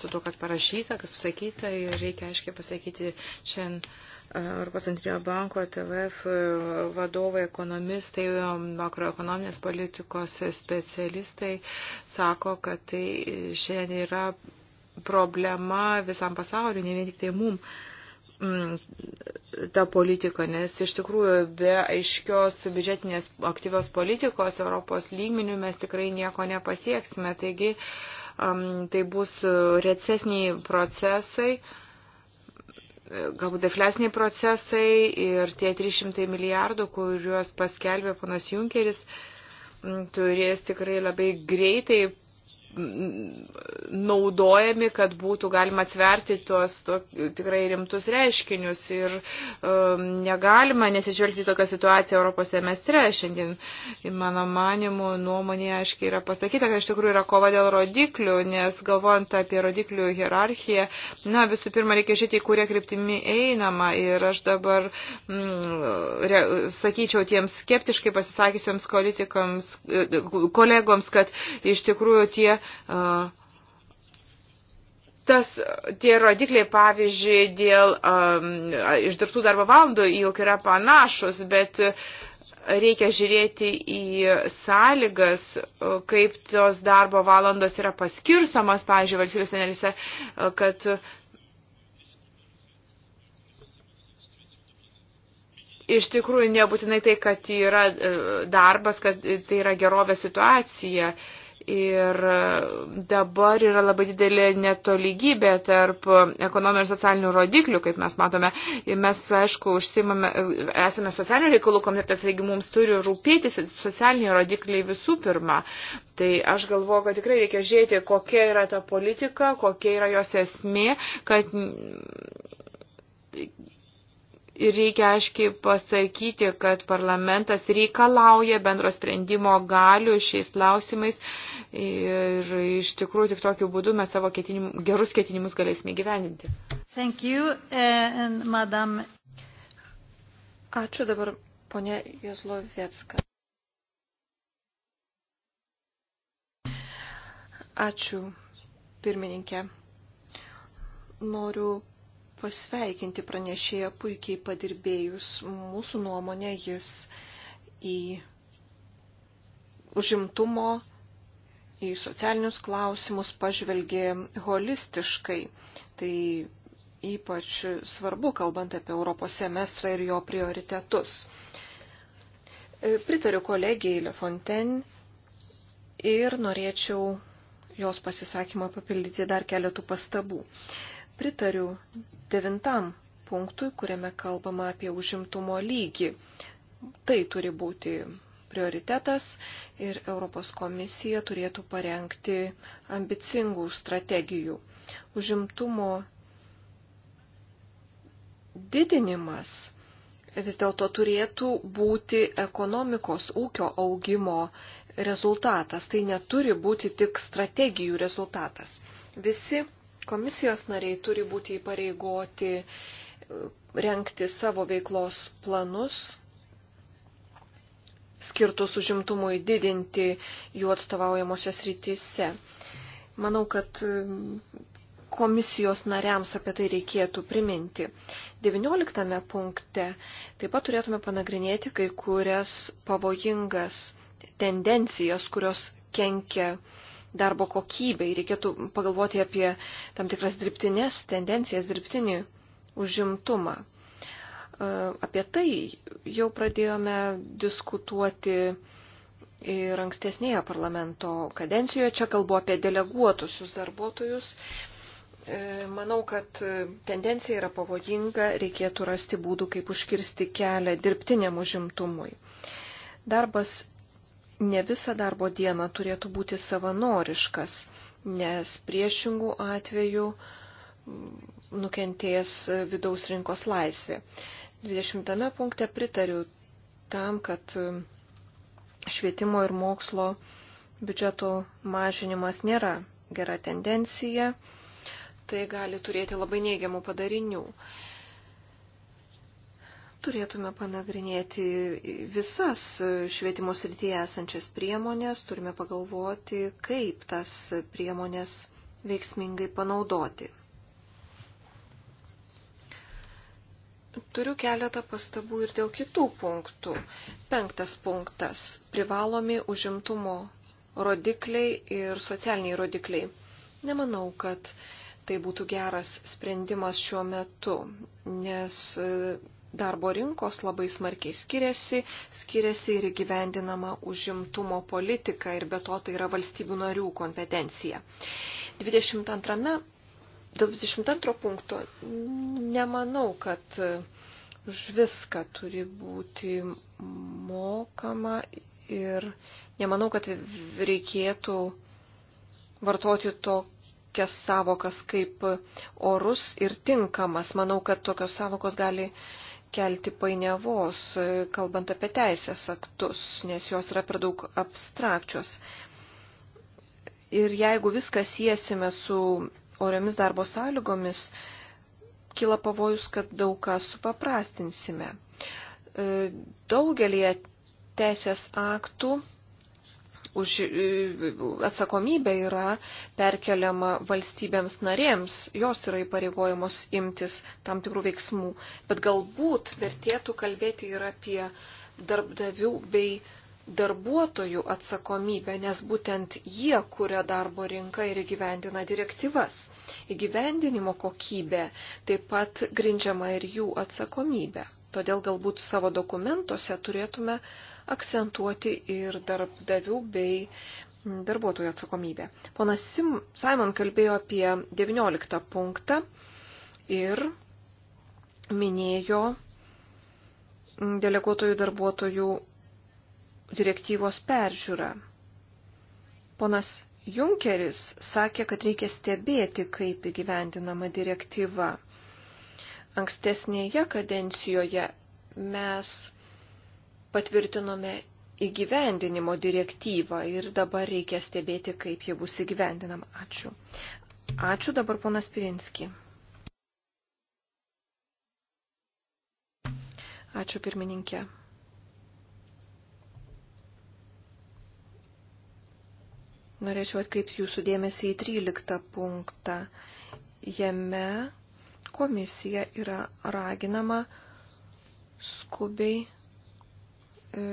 su to, kas parašyta, kas pasakyta ir reikia aiškiai pasakyti šiandien e, Europos centrinio banko, TVF e, vadovai, ekonomistai, e, makroekonominės politikos specialistai sako, kad tai šiandien yra problema visam pasauliu, ne vien tik tai mums Mm, tą politiką, nes iš tikrųjų be aiškios biudžetinės aktyvios politikos Europos lygmenių mes tikrai nieko nepasieksime. Taigi mm, tai bus recesiniai procesai, galbūt deflesiniai procesai ir tie 300 milijardų, kuriuos paskelbė panas Junkeris, mm, turės tikrai labai greitai naudojami, kad būtų galima atsverti tuos to, tikrai rimtus reiškinius ir um, negalima nesižvelgti tokią situaciją Europos semestre. Šiandien, mano manimu, nuomonė aiškiai yra pasakyta, kad iš tikrųjų yra kova dėl rodiklių, nes galvojant apie rodiklių hierarchiją, na, visų pirma, reikia žiūrėti, į kurią kryptimį einama ir aš dabar, mm, re, sakyčiau, tiems skeptiškai pasisakysiams e, kolegoms, kad iš tikrųjų tie tas, tie rodikliai, pavyzdžiui, dėl um, išdirbtų darbo valandų juk yra panašus, bet reikia žiūrėti į sąlygas, kaip tos darbo valandos yra paskirstomas, pavyzdžiui, valstybės narėse, kad iš tikrųjų nebūtinai tai, kad yra e, darbas, kad tai yra gerovė situacija. Uh, Ir dabar yra labai didelė netolygybė tarp ekonominių ir socialinių rodiklių, kaip mes matome. Ir mes, aišku, užsimame, esame socialinių reikalų komitetas, taigi mums turi rūpėti socialiniai rodikliai visų pirma. Tai aš galvoju, kad tikrai reikia žiūrėti, kokia yra ta politika, kokia yra jos esmė, kad Ir reikia aiškiai pasakyti, kad parlamentas reikalauja bendro sprendimo galių šiais klausimais ir iš tikrųjų tik tokiu būdu mes savo ketinim, gerus ketinimus galėsime gyvendinti. Thank you, eh, and madam. Ačiū dabar ponia Jozlovietska. Ačiū, pirmininkė. Noriu pasveikinti pranešėją puikiai padirbėjus. Mūsų nuomonė jis į užimtumo, į socialinius klausimus pažvelgė holistiškai. Tai ypač svarbu, kalbant apie Europos semestrą ir jo prioritetus. E, pritariu kolegijai Lefonten ir norėčiau jos pasisakymą papildyti dar keletų pastabų pritariu devintam punktui, kuriame kalbama apie užimtumo lygį. Tai turi būti prioritetas ir Europos komisija turėtų parengti ambicingų strategijų. Užimtumo didinimas vis dėlto turėtų būti ekonomikos ūkio augimo rezultatas. Tai neturi būti tik strategijų rezultatas. Visi Komisijos nariai turi būti įpareigoti e, renkti savo veiklos planus, skirtus užimtumui didinti jų atstovaujamosios rytise. Manau, kad e, komisijos nariams apie tai reikėtų priminti. 19 punkte taip pat turėtume panagrinėti kai kurias pavojingas tendencijas, kurios kenkia uh, darbo kokybei. Reikėtų pagalvoti apie tam tikras dirbtinės tendencijas, dirbtinį užimtumą. E, apie tai jau pradėjome diskutuoti ir ankstesnėje parlamento kadencijoje. Čia kalbu apie deleguotusius darbuotojus. E, manau, kad tendencija yra pavojinga, reikėtų rasti būdų, kaip užkirsti kelią dirbtiniam užimtumui. Darbas ne visą darbo dieną turėtų būti savanoriškas, nes priešingų atvejų nukentės vidaus rinkos laisvė. 20 punkte pritariu tam, kad švietimo ir mokslo biudžeto mažinimas nėra gera tendencija. Tai gali turėti labai neigiamų padarinių. Turėtume panagrinėti visas švietimo srityje esančias priemonės, turime pagalvoti, kaip tas priemonės veiksmingai panaudoti. Turiu keletą pastabų ir dėl kitų punktų. Penktas punktas - privalomi užimtumo rodikliai ir socialiniai rodikliai. Nemanau, kad tai būtų geras sprendimas šiuo metu, nes darbo rinkos labai smarkiai skiriasi, skiriasi ir įgyvendinama užimtumo politika ir be to tai yra valstybių narių kompetencija. 22, dėl 22 punkto nemanau, kad už viską turi būti mokama ir nemanau, kad reikėtų vartoti to tokias savokas kaip orus ir tinkamas. Manau, kad tokios savokos gali kelti painiavos, kalbant apie teisės aktus, nes jos yra per daug abstrakčios. Ir jeigu viską siesime su oriomis darbo sąlygomis, kyla pavojus, kad daug ką supaprastinsime. E, Daugelie teisės aktų už e, atsakomybė yra perkeliama valstybėms narėms, jos yra įpareigojamos imtis tam tikrų veiksmų. Bet galbūt vertėtų kalbėti ir apie darbdavių bei darbuotojų atsakomybę, nes būtent jie kuria darbo rinką ir įgyvendina direktyvas. Įgyvendinimo kokybė taip pat grindžiama ir jų atsakomybė. Todėl galbūt savo dokumentuose turėtume uh, akcentuoti ir darbdavių bei darbuotojų atsakomybę. Ponas Sim, Simon kalbėjo apie 19 punktą ir minėjo deleguotojų darbuotojų direktyvos peržiūrą. Ponas Junkeris sakė, kad reikia stebėti, kaip įgyvendinama direktyva. Ankstesnėje kadencijoje mes patvirtinome įgyvendinimo direktyvą ir dabar reikia stebėti, kaip jie bus įgyvendinama. Ačiū. Ačiū dabar ponas Pirinski. Ačiū pirmininkė. Norėčiau atkreipti jūsų dėmesį į 13 punktą. Jame komisija yra raginama skubiai E,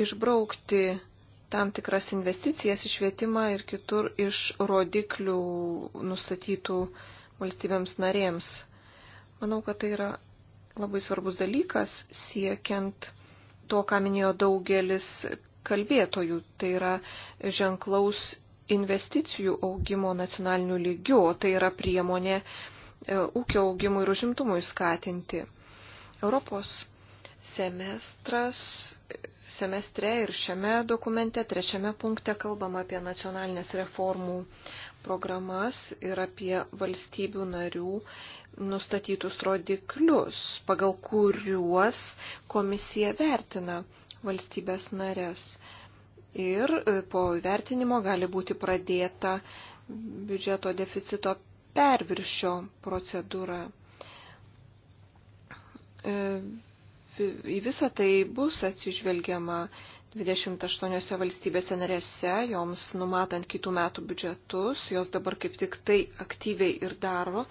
išbraukti tam tikras investicijas į švietimą ir kitur iš rodiklių nustatytų valstybėms narėms. Manau, kad tai yra labai svarbus dalykas siekiant to, ką minėjo daugelis kalbėtojų, tai yra ženklaus investicijų augimo nacionalinių lygių, tai yra priemonė e, ūkio augimui ir užimtumui skatinti. Europos semestras, semestre ir šiame dokumente, trečiame punkte kalbama apie nacionalinės reformų programas ir apie valstybių narių nustatytus rodiklius, pagal kuriuos komisija vertina valstybės narės. Ir e, po vertinimo gali būti pradėta biudžeto deficito perviršio procedūra. E, į visą tai bus atsižvelgiama 28 valstybėse narėse, joms numatant kitų metų biudžetus, jos dabar kaip tik tai aktyviai ir daro.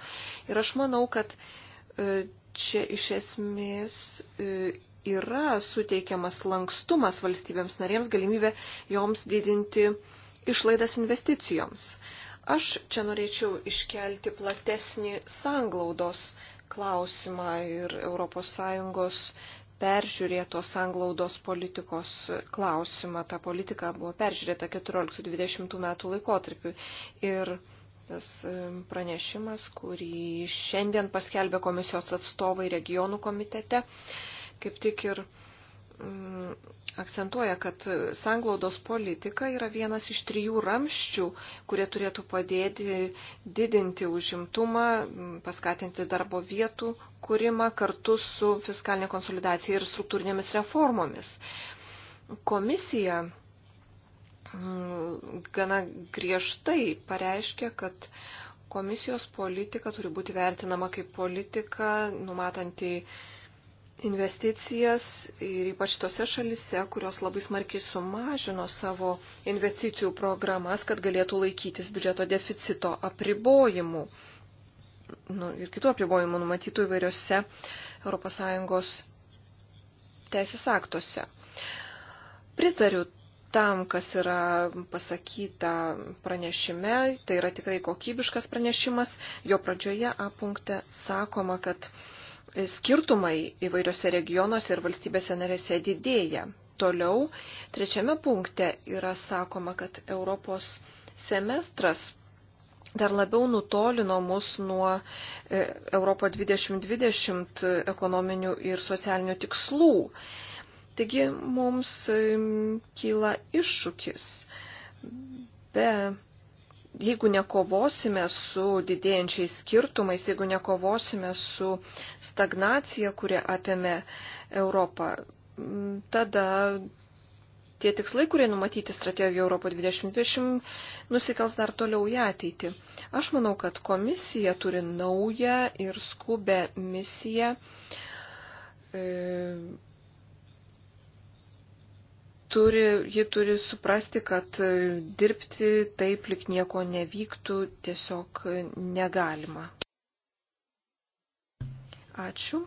Ir aš manau, kad e, čia iš esmės e, yra suteikiamas lankstumas valstybėms narėms galimybė joms didinti išlaidas investicijoms. Aš čia norėčiau iškelti platesnį sanglaudos klausimą ir ES peržiūrėtos anglaudos politikos klausimą. Ta politika buvo peržiūrėta 14-20 metų laikotarpiu. Ir tas pranešimas, kurį šiandien paskelbė komisijos atstovai regionų komitete, kaip tik ir Mm, akcentuoja, kad sanglaudos politika yra vienas iš trijų ramščių, kurie turėtų padėti didinti užimtumą, mm, paskatinti darbo vietų kūrimą kartu su fiskalinė konsolidacija ir struktūrinėmis reformomis. Komisija mm, gana griežtai pareiškia, kad komisijos politika turi būti vertinama kaip politika, numatanti į investicijas ir ypač tose šalise, kurios labai smarkiai sumažino savo investicijų programas, kad galėtų laikytis biudžeto deficito apribojimų nu, ir kitų apribojimų numatytų įvairiose ES teisės aktuose. Pritariu tam, kas yra pasakyta pranešime, tai yra tikrai kokybiškas pranešimas. Jo pradžioje apunktė sakoma, kad uh, skirtumai įvairiose regionuose ir valstybėse narėse didėja. Toliau, trečiame punkte yra sakoma, kad Europos semestras dar labiau nutolino mus nuo e, Europo 2020 ekonominių ir socialinių tikslų. Taigi mums kyla iššūkis. Be jeigu nekovosime su didėjančiais skirtumais, jeigu nekovosime su stagnacija, kuri apėmė Europą, tada tie tikslai, kurie numatyti strategijoje Europo 2020, nusikels dar toliau į ateitį. Aš manau, kad komisija turi naują ir skubę misiją. E, turi, ji turi suprasti, kad e, dirbti taip lik nieko nevyktų tiesiog negalima. Ačiū.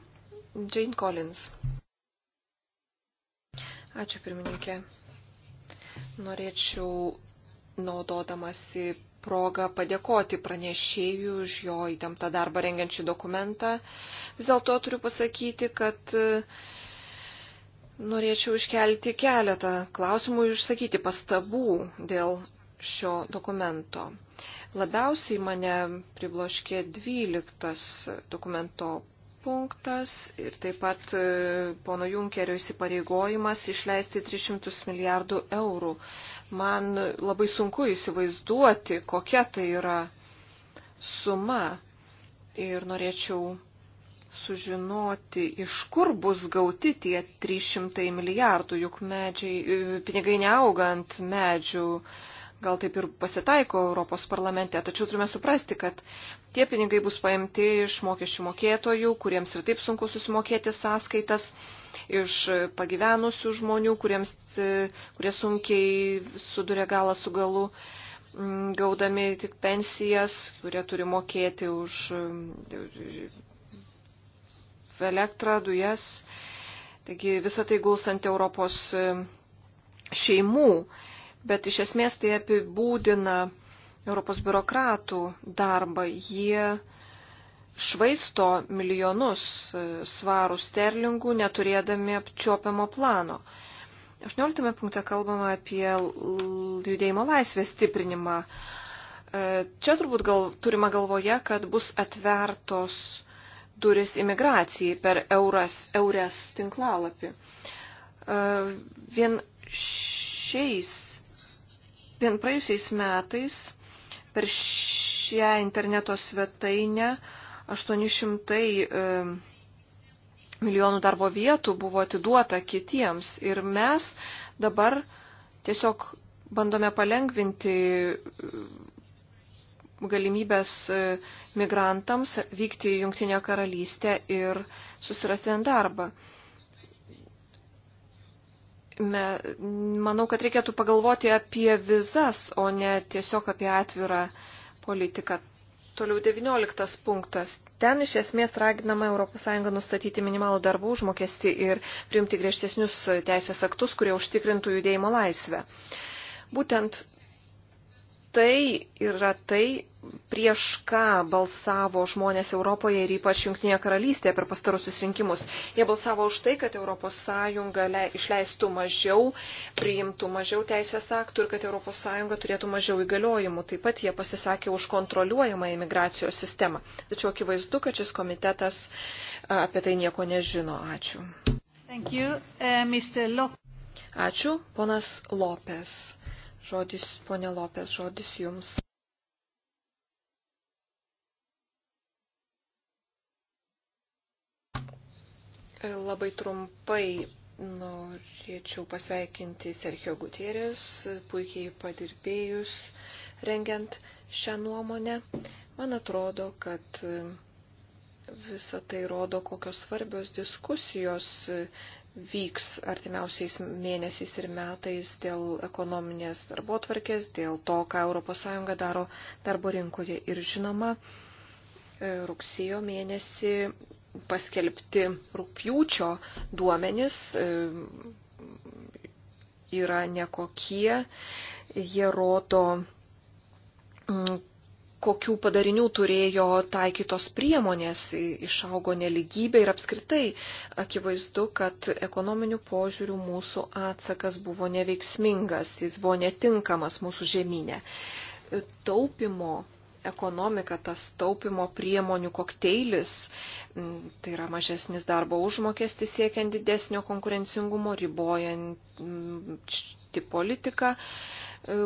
Jane Collins. Ačiū pirmininkė. Norėčiau naudodamasi progą padėkoti pranešėjų už jo įtemptą darbą rengiančių dokumentą. Vis dėlto turiu pasakyti, kad uh, Norėčiau iškelti keletą klausimų ir išsakyti pastabų dėl šio dokumento. Labiausiai mane pribloškė 12 dokumento punktas ir taip pat e, pono Junkerio įsipareigojimas išleisti 300 milijardų eurų. Man labai sunku įsivaizduoti, kokia tai yra suma ir norėčiau sužinoti, iš kur bus gauti tie 300 milijardų, juk medžiai, e, pinigai neauga ant medžių, gal taip ir pasitaiko Europos parlamente, tačiau turime suprasti, kad tie pinigai bus paimti iš mokesčių mokėtojų, kuriems ir taip sunku susimokėti sąskaitas, iš pagyvenusių žmonių, kuriems, e, kurie sunkiai suduria galą su galu gaudami tik pensijas, kurie turi mokėti už elektrą, dujas. Taigi visą tai guls ant Europos e, šeimų, bet iš esmės tai apibūdina Europos biurokratų darbą. Jie švaisto milijonus e, svarų sterlingų, neturėdami apčiopiamo plano. 18 punkte kalbama apie judėjimo laisvės stiprinimą. E, čia turbūt gal, turima galvoje, kad bus atvertos duris imigracijai per Euras, Eures tinklalapį. E, vien šiais, vien praėjusiais metais per šią interneto svetainę 800 e, milijonų darbo vietų buvo atiduota kitiems ir mes dabar tiesiog bandome palengvinti galimybės e, migrantams vykti į Junktinę karalystę ir susirasti ten darbą. Me, manau, kad reikėtų pagalvoti apie vizas, o ne tiesiog apie atvirą politiką. Toliau 19 punktas. Ten iš esmės raginama ES nustatyti minimalų darbų užmokestį ir priimti griežtesnius teisės aktus, kurie užtikrintų judėjimo laisvę. Būtent tai yra tai, prieš ką balsavo žmonės Europoje ir ypač Junktinėje karalystėje per pastarusius rinkimus. Jie balsavo už tai, kad ES išleistų mažiau, priimtų mažiau teisės aktų ir kad ES turėtų mažiau įgaliojimų. Taip pat jie pasisakė už kontroliuojamą imigracijos sistemą. Tačiau akivaizdu, kad šis komitetas apie tai nieko nežino. Ačiū. Thank you, uh, Ačiū, ponas Lopes. Žodis, ponė Lopės, žodis jums. Labai trumpai norėčiau pasveikinti Sergio Gutierrez, puikiai padirbėjus, rengiant šią nuomonę. Man atrodo, kad visa tai rodo, kokios svarbios diskusijos vyks artimiausiais mėnesiais ir metais dėl ekonominės darbo tvarkės, dėl to, ką ES daro darbo rinkoje. Ir žinoma, e, rugsėjo mėnesį paskelbti rūpjūčio duomenis e, yra nekokie. Jie rodo kokių padarinių turėjo taikytos priemonės, išaugo neligybė ir apskritai akivaizdu, kad ekonominių požiūrių mūsų atsakas buvo neveiksmingas, jis buvo netinkamas mūsų žemynė. E, taupimo ekonomika, tas taupimo priemonių kokteilis, tai yra mažesnis darbo užmokestis siekiant didesnio konkurencingumo, ribojant politiką,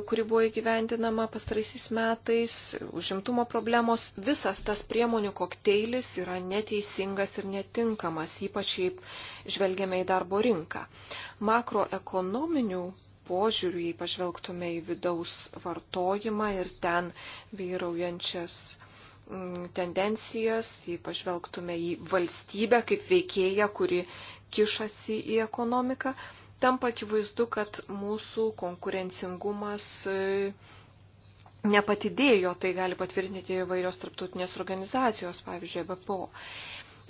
kuri buvo įgyvendinama pastaraisiais metais, užimtumo problemos, visas tas priemonių kokteilis yra neteisingas ir netinkamas, ypač jei žvelgiame į darbo rinką. Makroekonominių požiūrių, jei pažvelgtume į vidaus vartojimą ir ten vyraujančias mm, tendencijas, jei pažvelgtume į valstybę kaip veikėją, kuri kišasi į ekonomiką, tampa akivaizdu, kad mūsų konkurencingumas e, nepatidėjo, tai gali patvirtinti įvairios tarptautinės organizacijos, pavyzdžiui, e BPO.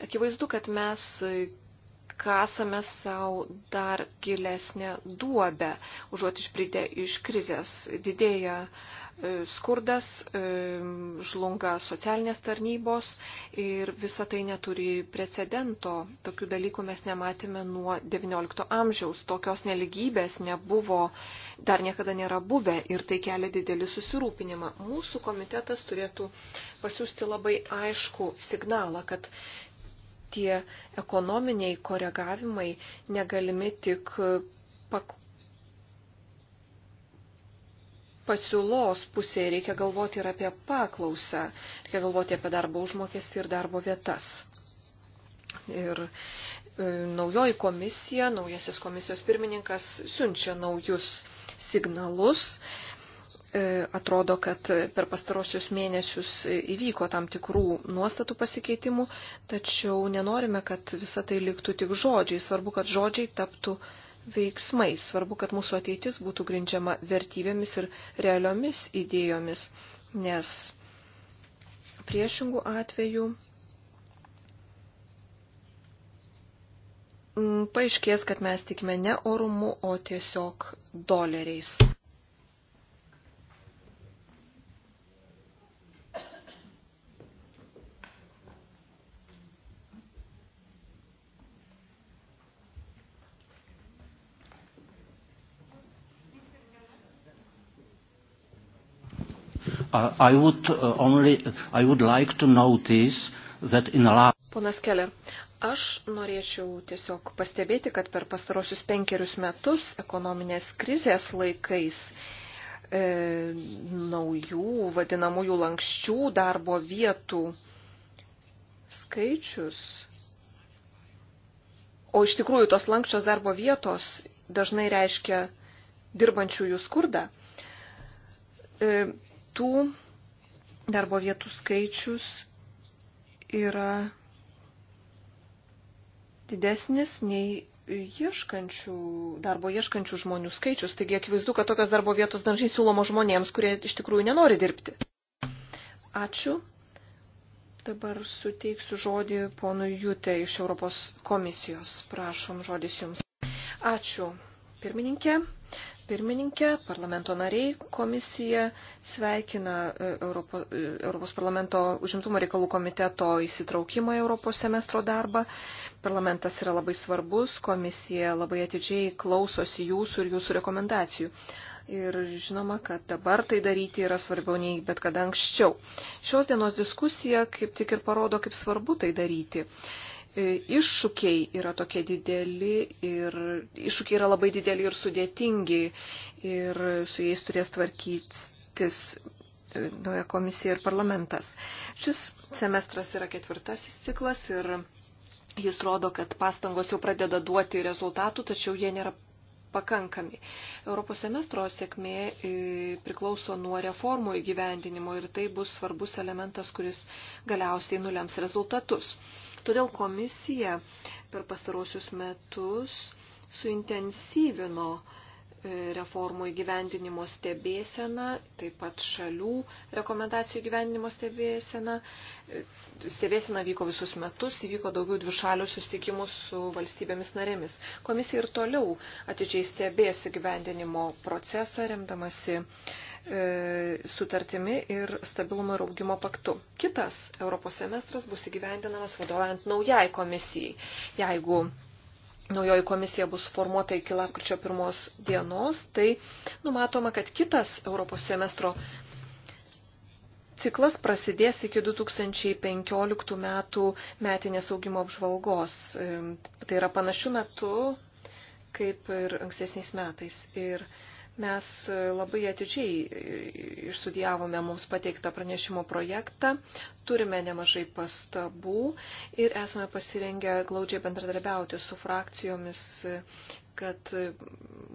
Akivaizdu, kad mes e, kasame savo dar gilesnę duobę, užuot išbridę iš krizės, didėja uh, E, skurdas, e, žlunga socialinės tarnybos ir visa tai neturi precedento. Tokių dalykų mes nematėme nuo XIX amžiaus. Tokios neligybės nebuvo, dar niekada nėra buvę ir tai kelia didelį susirūpinimą. Mūsų komitetas turėtų pasiūsti labai aišku signalą, kad tie ekonominiai koregavimai negalimi tik paklausti pasiūlos pusėje, reikia galvoti ir apie paklausą, reikia galvoti apie darbo užmokestį ir darbo vietas. Ir e, naujoji komisija, naujasis komisijos pirmininkas siunčia naujus signalus. E, atrodo, kad per pastarosius mėnesius įvyko tam tikrų nuostatų pasikeitimų, tačiau nenorime, kad visa tai liktų tik žodžiai. Svarbu, kad žodžiai taptų veiksmais. Svarbu, kad mūsų ateitis būtų grindžiama vertybėmis ir realiomis idėjomis, nes priešingų atvejų paaiškės, kad mes tikime ne orumu, o tiesiog doleriais. Uh, I would uh, only, I would like to notice that in last... Ponas Keller, aš norėčiau tiesiog pastebėti, kad per pastarosius penkerius metus ekonominės krizės laikais e, naujų vadinamųjų lankščių darbo vietų skaičius. O iš tikrųjų tos lankščios darbo vietos dažnai reiškia dirbančiųjų skurdą. E, kitų darbo vietų skaičius yra didesnis nei ieškančių, darbo ieškančių žmonių skaičius. Taigi akivaizdu, kad tokios darbo vietos dažnai siūlomos žmonėms, kurie iš tikrųjų nenori dirbti. Ačiū. Dabar suteiksiu žodį ponui Jūtė iš Europos komisijos. Prašom, žodis jums. Ačiū. Pirmininkė pirmininkė, parlamento nariai, komisija sveikina e, Europo, e, Europos parlamento užimtumo reikalų komiteto įsitraukimą į Europos semestro darbą. Parlamentas yra labai svarbus, komisija labai atidžiai klausosi jūsų ir jūsų rekomendacijų. Ir žinoma, kad dabar tai daryti yra svarbiau nei bet kada anksčiau. Šios dienos diskusija kaip tik ir parodo, kaip svarbu tai daryti. E, iššūkiai yra tokie dideli ir iššūkiai yra labai dideli ir sudėtingi ir su jais turės tvarkytis e, nauja komisija ir parlamentas. Šis semestras yra ketvirtasis ciklas ir jis rodo, kad pastangos jau pradeda duoti rezultatų, tačiau jie nėra pakankami. Europos semestro sėkmė e, priklauso nuo reformų įgyvendinimo ir tai bus svarbus elementas, kuris galiausiai nulems rezultatus. Todėl komisija per pastarosius metus suintensyvino uh, reformų įgyvendinimo stebėsena, taip pat šalių rekomendacijų įgyvendinimo stebėsena. Stebėsena vyko visus metus, įvyko daugiau dvišalių susitikimų su valstybėmis narėmis. Komisija ir toliau atidžiai stebės įgyvendinimo procesą, remdamasi e, sutartimi ir stabilumo ir augimo paktu. Kitas Europos semestras bus įgyvendinamas vadovaujant naujai komisijai. Jeigu naujoji komisija bus formuota iki lapkričio pirmos dienos, tai numatoma, kad kitas Europos semestro ciklas prasidės iki 2015 metų metinės augimo apžvalgos. Tai yra panašių metų kaip ir ankstesniais metais. Ir Mes e, labai atidžiai e, išstudijavome mums pateiktą pranešimo projektą, turime nemažai pastabų ir esame pasirengę glaudžiai bendradarbiauti su frakcijomis, e, kad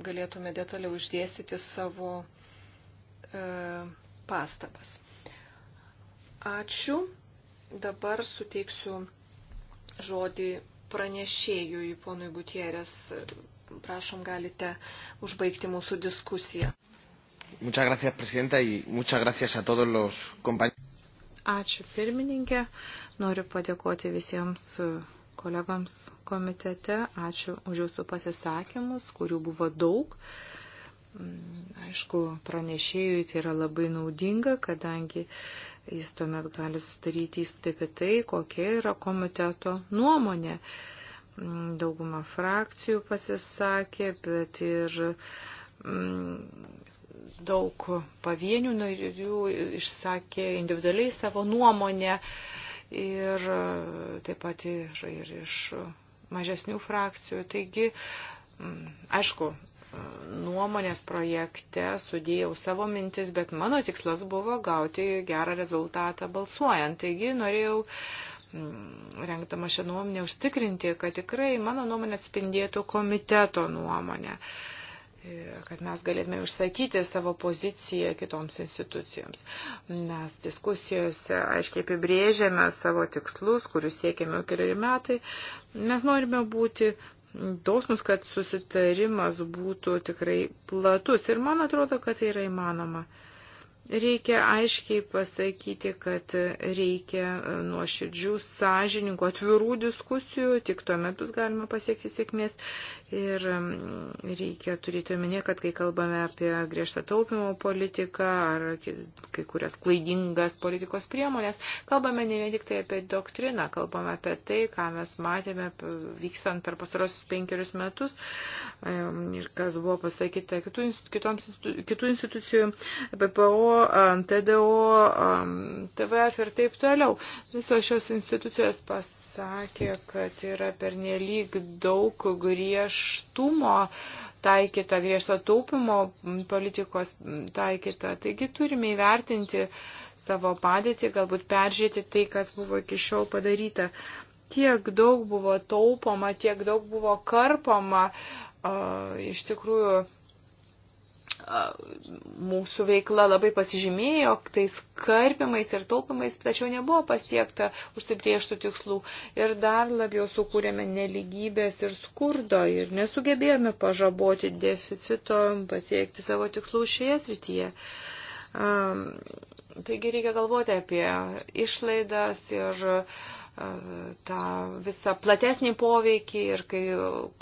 galėtume detaliau išdėstyti savo e, pastabas. Ačiū. Dabar suteiksiu žodį pranešėjui, ponui Gutierės, prašom galite užbaigti mūsų diskusiją. Muchas gracias, presidenta, y muchas gracias a todos los compañeros. Ačiū pirmininkė. Noriu padėkoti visiems kolegams komitete. Ačiū už jūsų pasisakymus, kurių buvo daug. Mm, aišku, pranešėjui tai yra labai naudinga, kadangi jis tuomet gali susidaryti įspūdį apie tai, kokia yra komiteto nuomonė. Uh, Mm, dauguma frakcijų pasisakė, bet ir mm, daug pavienių narių išsakė individualiai savo nuomonę ir e, taip pat ir, ir iš mažesnių frakcijų. Taigi, mm, aišku, e, nuomonės projekte sudėjau savo mintis, bet mano tikslas buvo gauti gerą rezultatą balsuojant. Taigi norėjau Mm, rengdama šią nuomonę, užtikrinti, kad tikrai mano nuomonė atspindėtų komiteto nuomonę, e, kad mes galėtume užsakyti savo poziciją kitoms institucijoms. Mes diskusijose aiškiai apibrėžėme savo tikslus, kurius siekėme keliari metai. Mes norime būti dosnus, kad susitarimas būtų tikrai platus. Ir man atrodo, kad tai yra įmanoma. Reikia aiškiai pasakyti, kad reikia e, nuoširdžių, sąžininkų, atvirų diskusijų, tik tuomet bus galima pasiekti sėkmės. Ir mm, reikia turėti omenyje, kad kai kalbame apie griežtą taupimo politiką ar kai kurias klaidingas politikos priemonės, kalbame ne vien tik tai apie doktriną, kalbame apie tai, ką mes matėme vykstant per pasarosius penkerius metus ir kas buvo pasakyta kitų, kitoms, kitų institucijų BPO TDO, TVF ir taip toliau. Visos šios institucijos pasakė, kad yra pernelyg daug griežtumo taikyta, griežto taupimo politikos taikyta. Taigi turime įvertinti savo padėtį, galbūt peržiūrėti tai, kas buvo iki šiol padaryta. Tiek daug buvo taupoma, tiek daug buvo karpoma. Iš tikrųjų, mūsų veikla labai pasižymėjo tais karpimais ir taupimais, tačiau nebuvo pasiekta užsiprieštų tikslų ir dar labiau sukūrėme neligybės ir skurdo ir nesugebėjome pažaboti deficito, pasiekti savo tikslų šioje srityje. Um, taigi reikia galvoti apie išlaidas ir uh, tą visą platesnį poveikį ir kai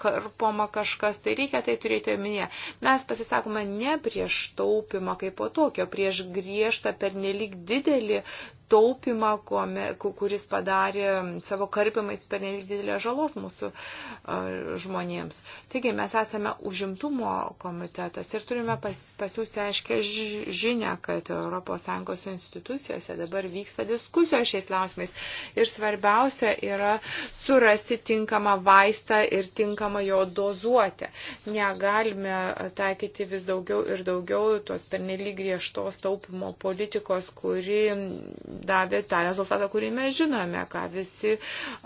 karpoma kažkas, tai reikia tai turėti omenyje. Mes pasisakome ne prieš taupimą kaip po tokio, prieš griežtą per nelik didelį taupimą, kuris padarė savo karpimais per nedidelės žalos mūsų žmonėms. Taigi mes esame užimtumo komitetas ir turime pasiūsti aiškę žinę, kad ES institucijose dabar vyksta diskusijos šiais klausimais ir svarbiausia yra surasti tinkamą vaistą ir tinkamą jo dozuotę. Negalime taikyti vis daugiau ir daugiau tos pernelyg griežtos taupimo politikos, kuri davė tą rezultatą, kurį mes žinome, ką visi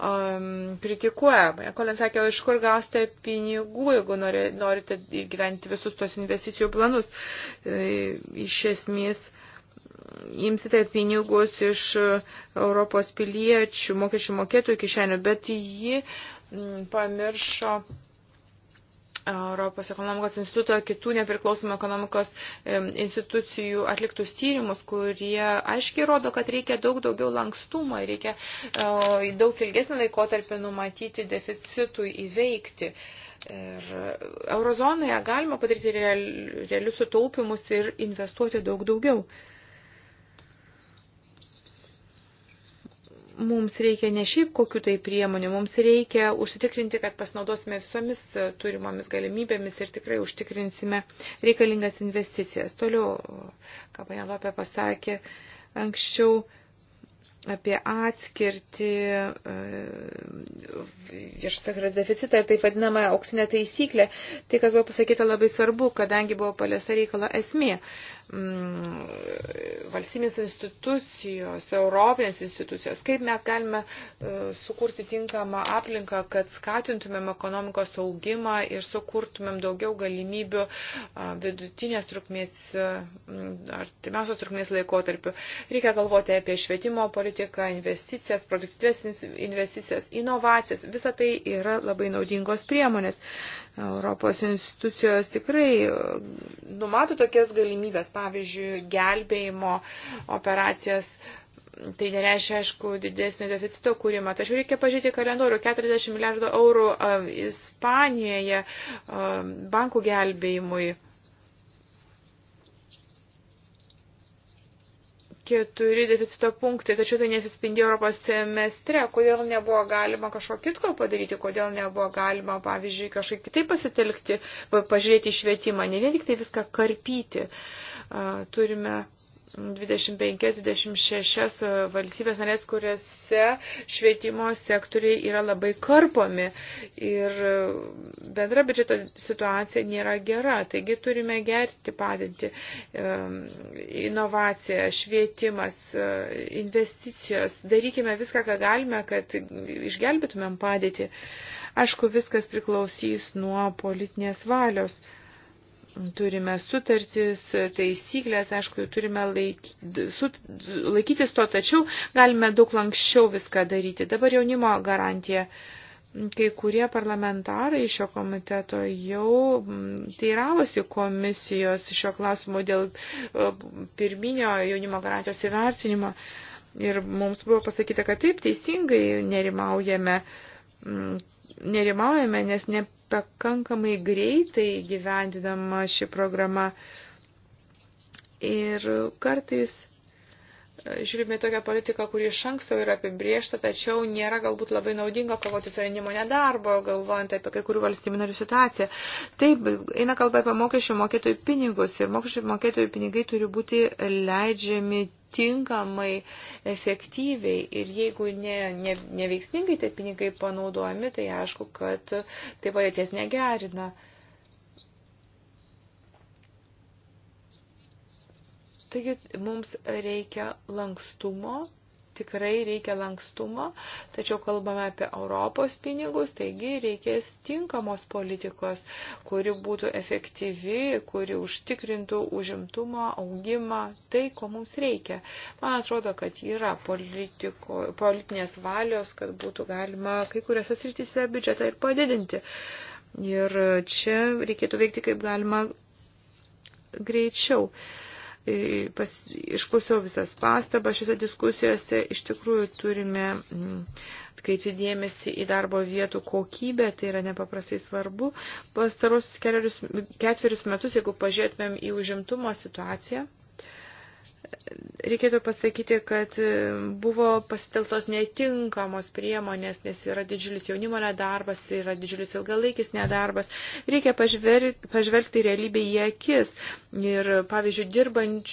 um, kritikuoja. Kolin sakė, iš kur gausite pinigų, jeigu norite gyventi visus tos investicijų planus. E, iš esmės, imsite pinigus iš Europos piliečių, mokesčių mokėtojų kišenių, bet ji mm, pamiršo Europos ekonomikos instituto, kitų nepriklausomų ekonomikos institucijų atliktus tyrimus, kurie aiškiai rodo, kad reikia daug daugiau lankstumo, reikia e, daug ilgesnį laikotarpį numatyti deficitui įveikti. Ir eurozonoje galima padaryti realius sutaupimus ir investuoti daug daugiau. mums reikia ne šiaip kokiu tai priemonių, mums reikia užsitikrinti, kad pasinaudosime visomis e, turimomis galimybėmis ir tikrai užtikrinsime reikalingas investicijas. Toliau, ką Pane Lopė pasakė anksčiau apie atskirti e, viešo sektorio deficitą ir taip vadinamą auksinę taisyklę. Tai, kas buvo pasakyta, labai svarbu, kadangi buvo paliesta reikalo esmė mm, valstybės institucijos, Europinės institucijos, kaip mes galime uh, sukurti tinkamą aplinką, kad skatintumėm ekonomikos augimą ir sukurtumėm daugiau galimybių uh, vidutinės trukmės uh, e, ar timiausios trukmės laikotarpiu. Reikia galvoti apie švietimo politiką, investicijas, produktyvės investicijas, inovacijas. Visa tai yra labai naudingos priemonės. Europos institucijos tikrai numato tokias galimybės pavyzdžiui, gelbėjimo operacijas. Tai nereiškia, aišku, didesnio deficito kūrimą. Tačiau reikia pažiūrėti kalendorių. 40 milijardų eurų e, Ispanijoje e, bankų gelbėjimui keturi deficito punktai, tačiau tai nesispindi Europos semestre. Kodėl nebuvo galima kažko kitko padaryti, kodėl nebuvo galima, pavyzdžiui, kažkaip kitaip pasitelkti, pažiūrėti į švietimą, ne vien tik tai viską karpyti. Turime 25-26 e, valstybės narės, kuriuose švietimo sektoriai yra labai karpomi ir e, bendra biudžeto situacija nėra gera. Taigi turime gerti padinti e, inovaciją, švietimas, investicijos. Darykime viską, ką galime, kad išgelbėtumėm padėtį. Aišku, viskas priklausys nuo politinės valios. Turime sutartis, taisyklės, aišku, turime laik, su, laikytis to, tačiau galime daug lankščiau viską daryti. Dabar jaunimo garantija. Kai kurie parlamentarai šio komiteto jau mm, teiravosi komisijos šio klausimo dėl pirminio jaunimo garantijos įvertinimo. Ir mums buvo pasakyta, kad taip teisingai nerimaujame mm, nerimaujame, nes nepakankamai greitai gyvendinama ši programa. Ir kartais e, žiūrime tokią politiką, kuri iš anksto yra apibriešta, tačiau nėra galbūt labai naudinga kovoti su jaunimo nedarbo, galvojant apie kai kurių valstybių narių situaciją. Taip, eina kalba apie mokesčių mokėtojų pinigus ir mokesčių mokėtojų pinigai turi būti leidžiami tinkamai, efektyviai ir jeigu ne, ne, neveiksmingai tie pinigai panaudojami, tai aišku, kad tai padėties negerina. Taigi mums reikia lankstumo tikrai reikia lankstumo, tačiau kalbame apie Europos pinigus, taigi reikės tinkamos politikos, kuri būtų efektyvi, kuri užtikrintų užimtumą, augimą, tai, ko mums reikia. Man atrodo, kad yra politiko, politinės valios, kad būtų galima kai kuriuose srityse biudžetą ir padidinti. Ir čia reikėtų veikti kaip galima greičiau. Uh, Pas, išklausiau visas pastabas šiose diskusijose. Iš tikrųjų turime mm, atkreipti dėmesį į darbo vietų kokybę, tai yra nepaprastai svarbu. Pastarosius ketverius metus, jeigu pažiūrėtumėm į užimtumo situaciją, Reikėtų pasakyti, kad e, buvo pasiteltos netinkamos priemonės, nes yra didžiulis jaunimo nedarbas, yra didžiulis ilgalaikis nedarbas. Reikia pažvelgti, pažvelgti realybę į akis. Ir, pavyzdžiui, e, dirbančių,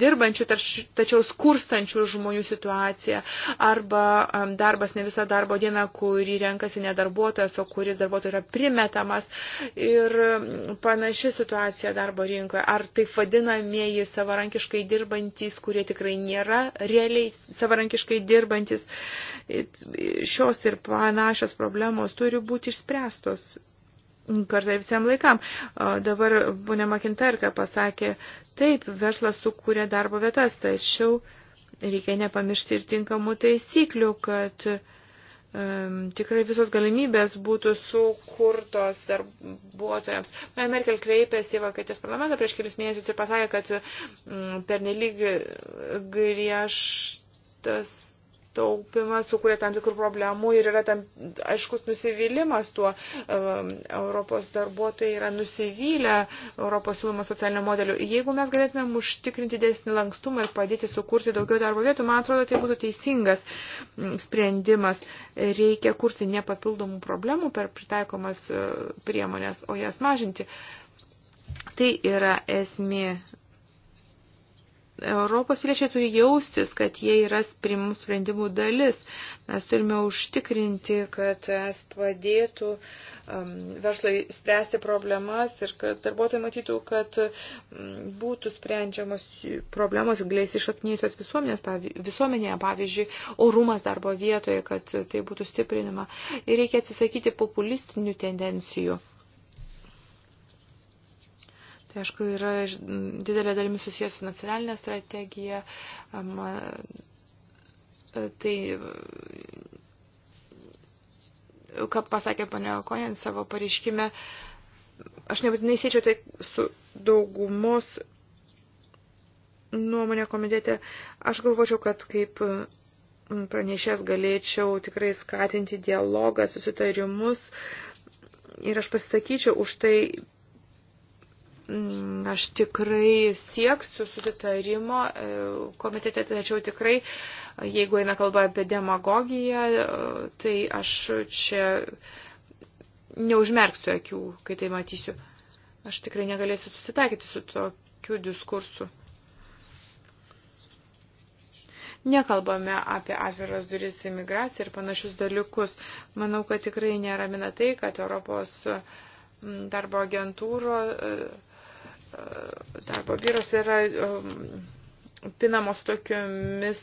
dirbančių tačiau skurstančių žmonių situacija arba darbas ne visą darbo dieną, kurį renkasi ne darbuotojas, o kuris darbuotojas yra primetamas ir panaši situacija darbo rinkoje. Ar taip vadinasi? vadinamieji savarankiškai dirbantys, kurie tikrai nėra realiai savarankiškai dirbantis. Šios ir panašios problemos turi būti išspręstos kartą visiem laikam. Dabar ponė Makintarka pasakė, taip, verslas sukūrė darbo vietas, tačiau reikia nepamiršti ir tinkamų taisyklių, kad uh, tikrai visos galimybės būtų sukurtos darbuotojams. Na, Merkel kreipėsi į Vokietijos parlamentą prieš kelis mėnesius ir pasakė, kad mm, pernelyg griežtas taupimas sukuria tam tikrų problemų ir yra tam aiškus nusivylimas tuo. Um, Europos darbuotojai yra nusivylę Europos siūlomą socialinio modelio. Jeigu mes galėtumėm užtikrinti didesnį lankstumą ir padėti sukurti daugiau darbo vietų, man atrodo, tai būtų teisingas mm, sprendimas. Reikia kurti ne papildomų problemų per pritaikomas uh, priemonės, o jas mažinti. Tai yra esmė Europos piliečiai turi jaustis, kad jie yra primų sprendimų dalis. Mes turime užtikrinti, kad es padėtų um, verslai spręsti problemas ir kad darbuotojai matytų, kad um, būtų sprendžiamos problemos glės išaknyjusios visuomenėje, pavyzdžiui, orumas darbo vietoje, kad tai būtų stiprinima. Ir reikia atsisakyti populistinių tendencijų. Tai aišku, yra didelė dalimi susijęs su nacionalinė strategija. Tai, ką pasakė pane Okonien savo pareiškime, aš nebūtinai siečiau tai su daugumos nuomonė komitete. Aš galvočiau, kad kaip pranešęs galėčiau tikrai skatinti dialogą, susitarimus. Ir aš pasisakyčiau už tai Mm, aš tikrai sieksiu susitarimo e, komitete, tačiau tikrai, jeigu eina kalba apie demagogiją, e, tai aš čia neužmerksiu akių, kai tai matysiu. Aš tikrai negalėsiu susitakyti su tokiu diskursu. Nekalbame apie atviras duris imigraciją ir panašius dalykus. Manau, kad tikrai neramina tai, kad Europos mm, darbo agentūro uh, darbo biuros yra um, pinamos tokiomis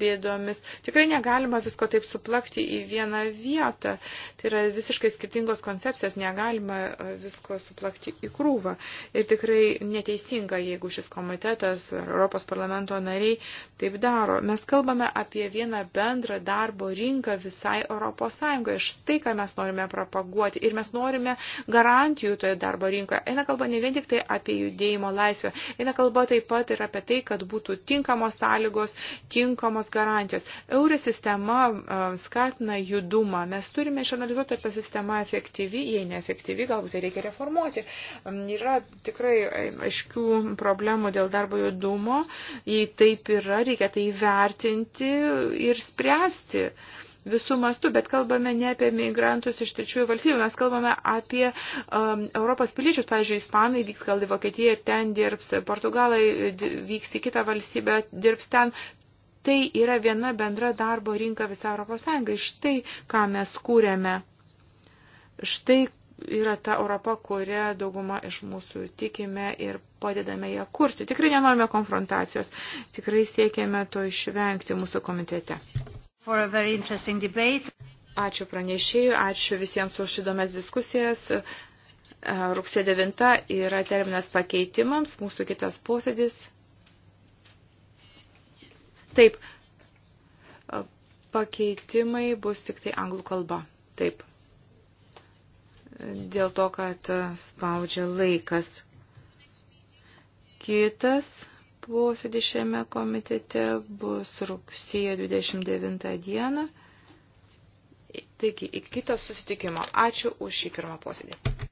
bėdomis. Tikrai negalima visko taip suplakti į vieną vietą. Tai yra visiškai skirtingos koncepcijos, negalima e, visko suplakti į krūvą. Ir tikrai neteisinga, jeigu šis komitetas ar Europos parlamento nariai taip daro. Mes kalbame apie vieną bendrą darbo rinką visai Europos Sąjungoje. Štai, ką mes norime propaguoti. Ir mes norime garantijų toje darbo rinkoje. Eina kalba ne vien tik tai apie judėjimo laisvę. Eina kalba taip pat ir apie tai, kad būtų būtų tinkamos sąlygos, tinkamos garantijos. Eurė sistema e, skatina judumą. Mes turime išanalizuoti, ar ta sistema efektyvi, jei neefektyvi, galbūt tai reikia reformuoti. Yra tikrai e, aiškių problemų dėl darbo judumo. Jei taip yra, reikia tai vertinti ir spręsti visų mastų, bet kalbame ne apie migrantus iš trečiųjų valstybių, mes kalbame apie um, Europos piliečius, pavyzdžiui, ispanai vyks gal į Vokietiją ir ten dirbs, portugalai vyks į kitą valstybę, dirbs ten. Tai yra viena bendra darbo rinka visą Europos Sąjungą. Štai ką mes kūrėme. Štai yra ta Europa, kurią dauguma iš mūsų tikime ir padedame ją kurti. Tikrai nenorime konfrontacijos, tikrai siekiame to išvengti mūsų komitete. Ačiū pranešėjų, ačiū visiems už įdomias diskusijas. E, Rūksė 9 yra terminas pakeitimams, mūsų kitas posėdis. Taip, e, pakeitimai bus tik tai anglų kalba. Taip. Dėl to, kad spaudžia laikas. Kitas posėdį šiame komitete bus rugsėjo 29 dieną. Taigi, iki kito susitikimo. Ačiū už šį pirmą posėdį.